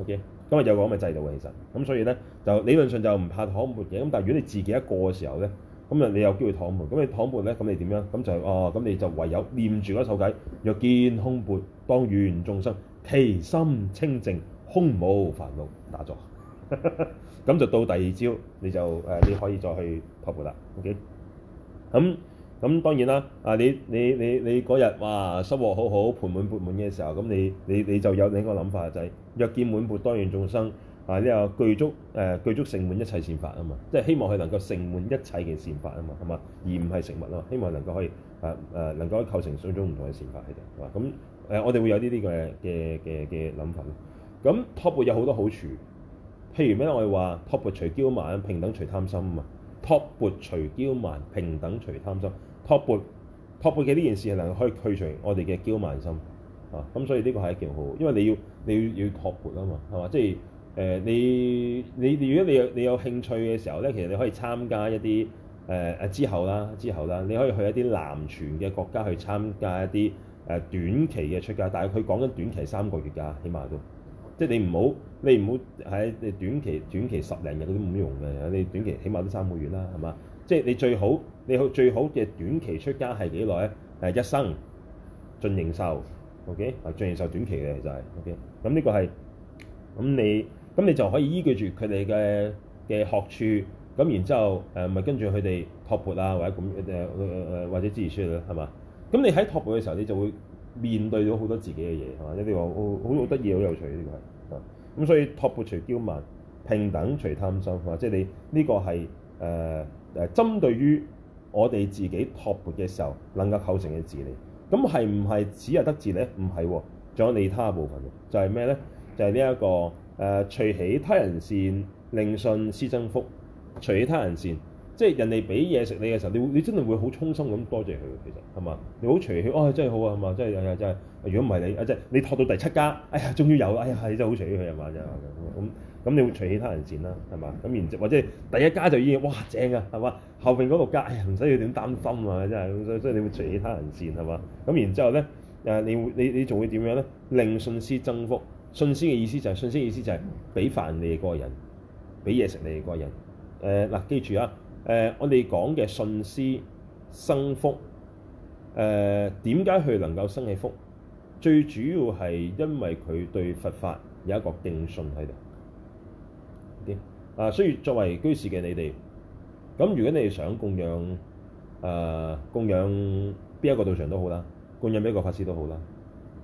OK，咁啊有個咁嘅制度嘅其實，咁所以咧就理論上就唔怕托缽嘅。咁但係如果你自己一個嘅時候咧？咁啊，你有機會躺缽，咁你躺缽咧，咁你點樣？咁就哦，咁你就唯有念住嗰首偈，若見空缽，當願眾生其心清淨，空無煩惱，打坐，咁 就到第二朝，你就誒，你可以再去突破啦。OK，咁咁當然啦，啊你你你你嗰日話收穫好好，盆滿缽滿嘅時候，咁你你你就有另一個諗法就係、是，若見滿缽，當願眾生。啊！你有具足誒，具、呃、足盛滿一切善法啊嘛，即係、就是、希望佢能夠盛滿一切嘅善法啊嘛，係嘛？而唔係食物啊嘛，希望能夠可以誒誒、呃呃、能夠構成兩種唔同嘅善法喺度啊。咁誒、呃，我哋會有呢啲嘅嘅嘅嘅諗法。咁托缽有好多好處，譬如咩我哋話托缽除驕慢，平等除貪心啊嘛。托缽除驕慢，平等除貪心。托缽托缽嘅呢件事係能夠可以去除我哋嘅驕慢心啊。咁所以呢個係一件好，因為你要你要你要托缽啊嘛，係嘛？即係。誒、呃、你你如果你有你有興趣嘅時候咧，其實你可以參加一啲誒啊之後啦之後啦，你可以去一啲南傳嘅國家去參加一啲誒、呃、短期嘅出家，但係佢講緊短期三個月㗎，起碼都即係你唔好你唔好喺你短期短期十零日都冇用嘅，你短期起碼都三個月啦，係嘛？即係你最好你好最好嘅短期出家係幾耐咧？一生盡形壽，OK，係盡形壽短期嘅就係、是、OK。咁呢個係咁你。咁你就可以依據住佢哋嘅嘅學處，咁然之後咪、呃、跟住佢哋托缽啊，或者咁誒誒或者支持書啦，係嘛？咁你喺托缽嘅時候，你就會面對到好多自己嘅嘢，係嘛？一啲話好好得意、好有趣呢、呢個係啊。咁所以托缽除驕慢，平等除貪心，即係、就是、你呢、呢個係、呃、針對於我哋自己托缽嘅時候能夠構成嘅自利，咁係唔係只係得自利呢？唔係喎，仲有利他部分，就係咩咧？就係呢一個。誒、呃，隨喜他人善，令信施增福。隨喜他人善，即係人哋俾嘢食你嘅時候，你會你真係會好衷心咁多謝佢，其實係嘛？你好隨喜，哦、哎，真係好啊，係嘛？真係、哎、真係真係。如果唔係你啊，即係你托到第七家，哎呀，終於有，哎呀，你真係好隨喜佢啊嘛，真係咁咁，你會隨喜他人善啦，係嘛？咁然之後或者第一家就已經哇正啊，係嘛？後邊嗰六家，哎呀，唔使要點擔心啊，真係，所以所以你會隨喜他人善，係嘛？咁然之後咧，誒、啊，你，你，你會你你仲會點樣咧？令信施增福。信施嘅意思就係、是、信施意思就係俾飯你哋嗰個人，俾嘢食，食你哋嗰個人。誒、呃、嗱，記住啊！誒、呃、我哋講嘅信施生福。誒，點解佢能夠生起福？最主要係因為佢對佛法有一個定信喺度。啲、okay? 啊、呃，所以作為居士嘅你哋，咁如果你想供養誒、呃、供養邊一個道場都好啦，供養邊一個法師都好啦。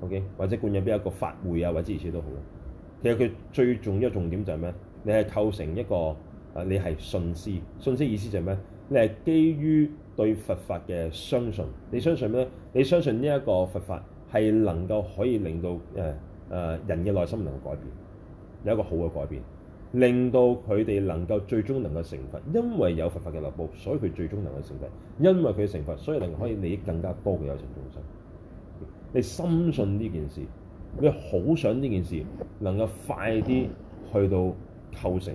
OK，或者觀音邊有一個法會啊，或者諸如此都好。其實佢最重要嘅重點就係咩？你係構成一個啊，你係信師。信師意思就係咩？你係基於對佛法嘅相信。你相信咩？你相信呢一個佛法係能夠可以令到誒誒人嘅內心能夠改變，有一個好嘅改變，令到佢哋能夠最終能夠成佛。因為有佛法嘅立部，所以佢最終能夠成佛。因為佢成佛，所以令可以利益更加多嘅有情眾生。你深信呢件事，你好想呢件事能夠快啲去到構成，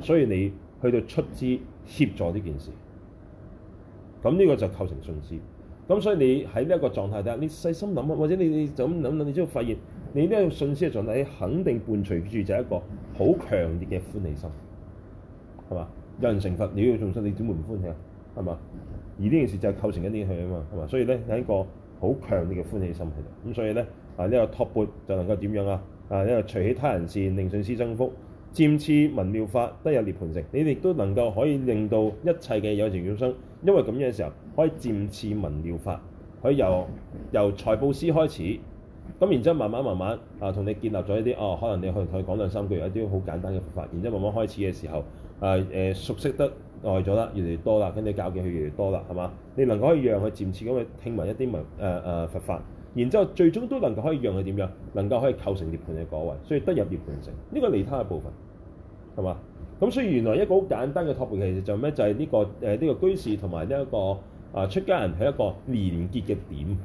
所以你去到出資協助呢件事，咁呢個就構成信心。咁所以你喺呢一個狀態底下，你細心諗啊，或者你你就咁諗諗，你之後發現你呢個信心嘅狀態，你肯定伴隨住就係一個好強烈嘅歡喜心，係嘛？有人成佛，你要信心，你點會唔歡喜啊？係嘛？而呢件事就係構成緊呢樣嘢啊嘛，係嘛？所以咧，喺一個好強烈嘅歡喜心氣，咁所以呢，啊呢、呢個托缽就能夠點樣啊啊呢個、啊啊啊啊啊、除起他人善，令信施增福，漸次聞妙法得入涅盤城。你哋都能夠可以令到一切嘅有情眾生，因為咁樣嘅時候可以漸次聞妙法，可以由由財布施開始，咁然之後慢慢慢慢啊同、啊、你建立咗一啲哦、啊，可能你可能同佢講兩三句有一啲好簡單嘅法，然之後慢慢開始嘅時候。誒誒熟悉得耐咗啦，越嚟越多啦，跟住教嘅佢越嚟越多啦，係嘛？你能夠可以讓佢漸次咁去聽聞一啲文誒誒、呃呃、佛法，然之後最終都能夠可以讓佢點樣，能夠可以構成涅槃嘅果位，所以得入涅槃城，呢、這個利他嘅部分係嘛？咁所以原來一個好簡單嘅 topic 其實就咩？就係、是、呢、這個誒呢、呃這個居士同埋呢一個啊、呃、出家人係一個連結嘅點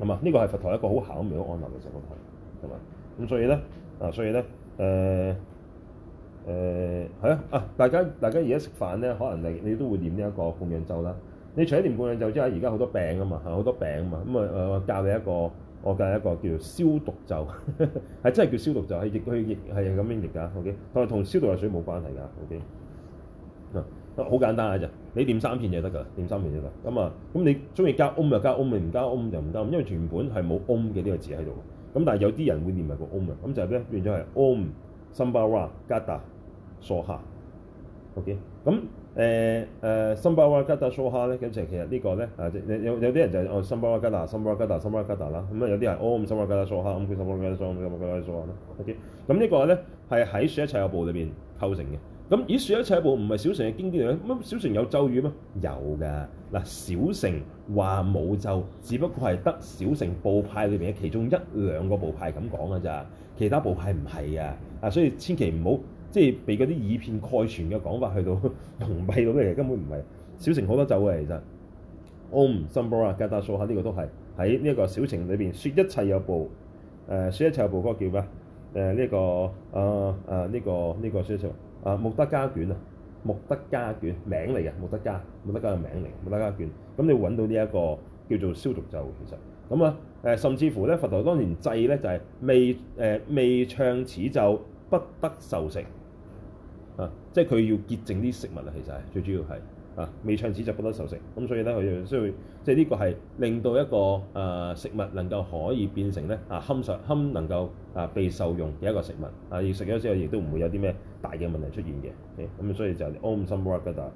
係嘛？呢、這個係佛陀一個好巧妙嘅安排嘅成個台係咪？咁所以咧啊，所以咧誒。呃呃、啊！啊大家大家而家食飯咧，可能你你都會念呢一個供養咒啦。你除咗念供養咒之外，而家好多病啊嘛，好多病啊嘛。咁、嗯、啊、呃，我教你一個，我教你一個叫做消毒咒，係 真係叫消毒咒，係液、係液、係咁樣液㗎。OK，同同消毒藥水冇關係㗎。OK，好、嗯、簡單㗎啫，你念三遍就得㗎啦，念三遍就得。咁、嗯、啊，咁你中意加 Om 就加 Om，唔加 Om 就唔得。因為原本係冇 Om 嘅呢個字喺度。咁但係有啲人會念埋個 Om 咁就咩？變咗係 Om samba gata 娑哈，OK，咁誒誒，森巴拉加達娑哈咧。跟住其實呢個咧啊，有有啲人就哦森巴拉加達、森巴拉加達、森巴拉加達啦。咁啊，有啲人哦唔森巴拉加達娑哈，咁佢森巴拉加達娑、森巴拉加達娑啦。OK，咁呢個咧係喺說一切有部裏邊構成嘅。咁咦，說一切有部唔係小乘嘅經典嚟咩？小乘有咒語咩？有㗎嗱。小乘話冇咒，只不過係得小乘部派裏邊嘅其中一兩個部派咁講㗎咋，其他部派唔係㗎。啊，所以千祈唔好。即係被嗰啲以偏蓋全嘅講法去到蒙蔽到咩？其實根本唔係小城好多咒嘅，其實。on sumbara 加達數下呢個都係喺呢一個小城裏邊，說一切有部誒，說、呃、一切有部嗰個叫咩啊？誒、呃、呢、這個啊啊呢個呢、這個書籍啊，木德加卷啊，木德加卷名嚟嘅，木德加木德加嘅名嚟，木德加卷。咁你揾到呢一個叫做消毒咒。其實咁啊誒，甚至乎咧佛陀當年制咧就係、是、未誒、呃、未唱此咒，不得受食。啊！即係佢要潔淨啲食物啊，其實係最主要係啊，未唱止就不得受食咁，所以咧佢就需要即係呢個係令到一個啊、呃、食物能夠可以變成咧啊堪受，堪能夠啊被受用嘅一個食物啊，要食咗之後亦都唔會有啲咩大嘅問題出現嘅。咁、okay? 所以就 o w some w a t e 咁啊，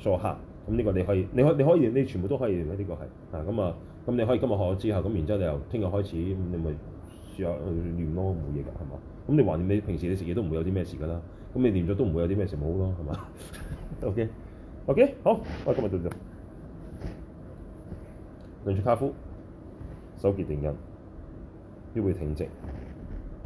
做、嗯嗯、客咁呢個你可以，你可你可以你全部都可以呢、這個係啊咁、嗯、啊咁你可以今日學咗之後咁，然之後你又聽日開始，你咪試下去亂攞嘢㗎係嘛？咁、呃、你話你平時你食嘢都唔會有啲咩事㗎啦。咁你連咗都唔會有啲咩事冇囉，係咪 OK OK，好，我、哎、今日就咁。連住卡夫，手結定印，腰背挺直。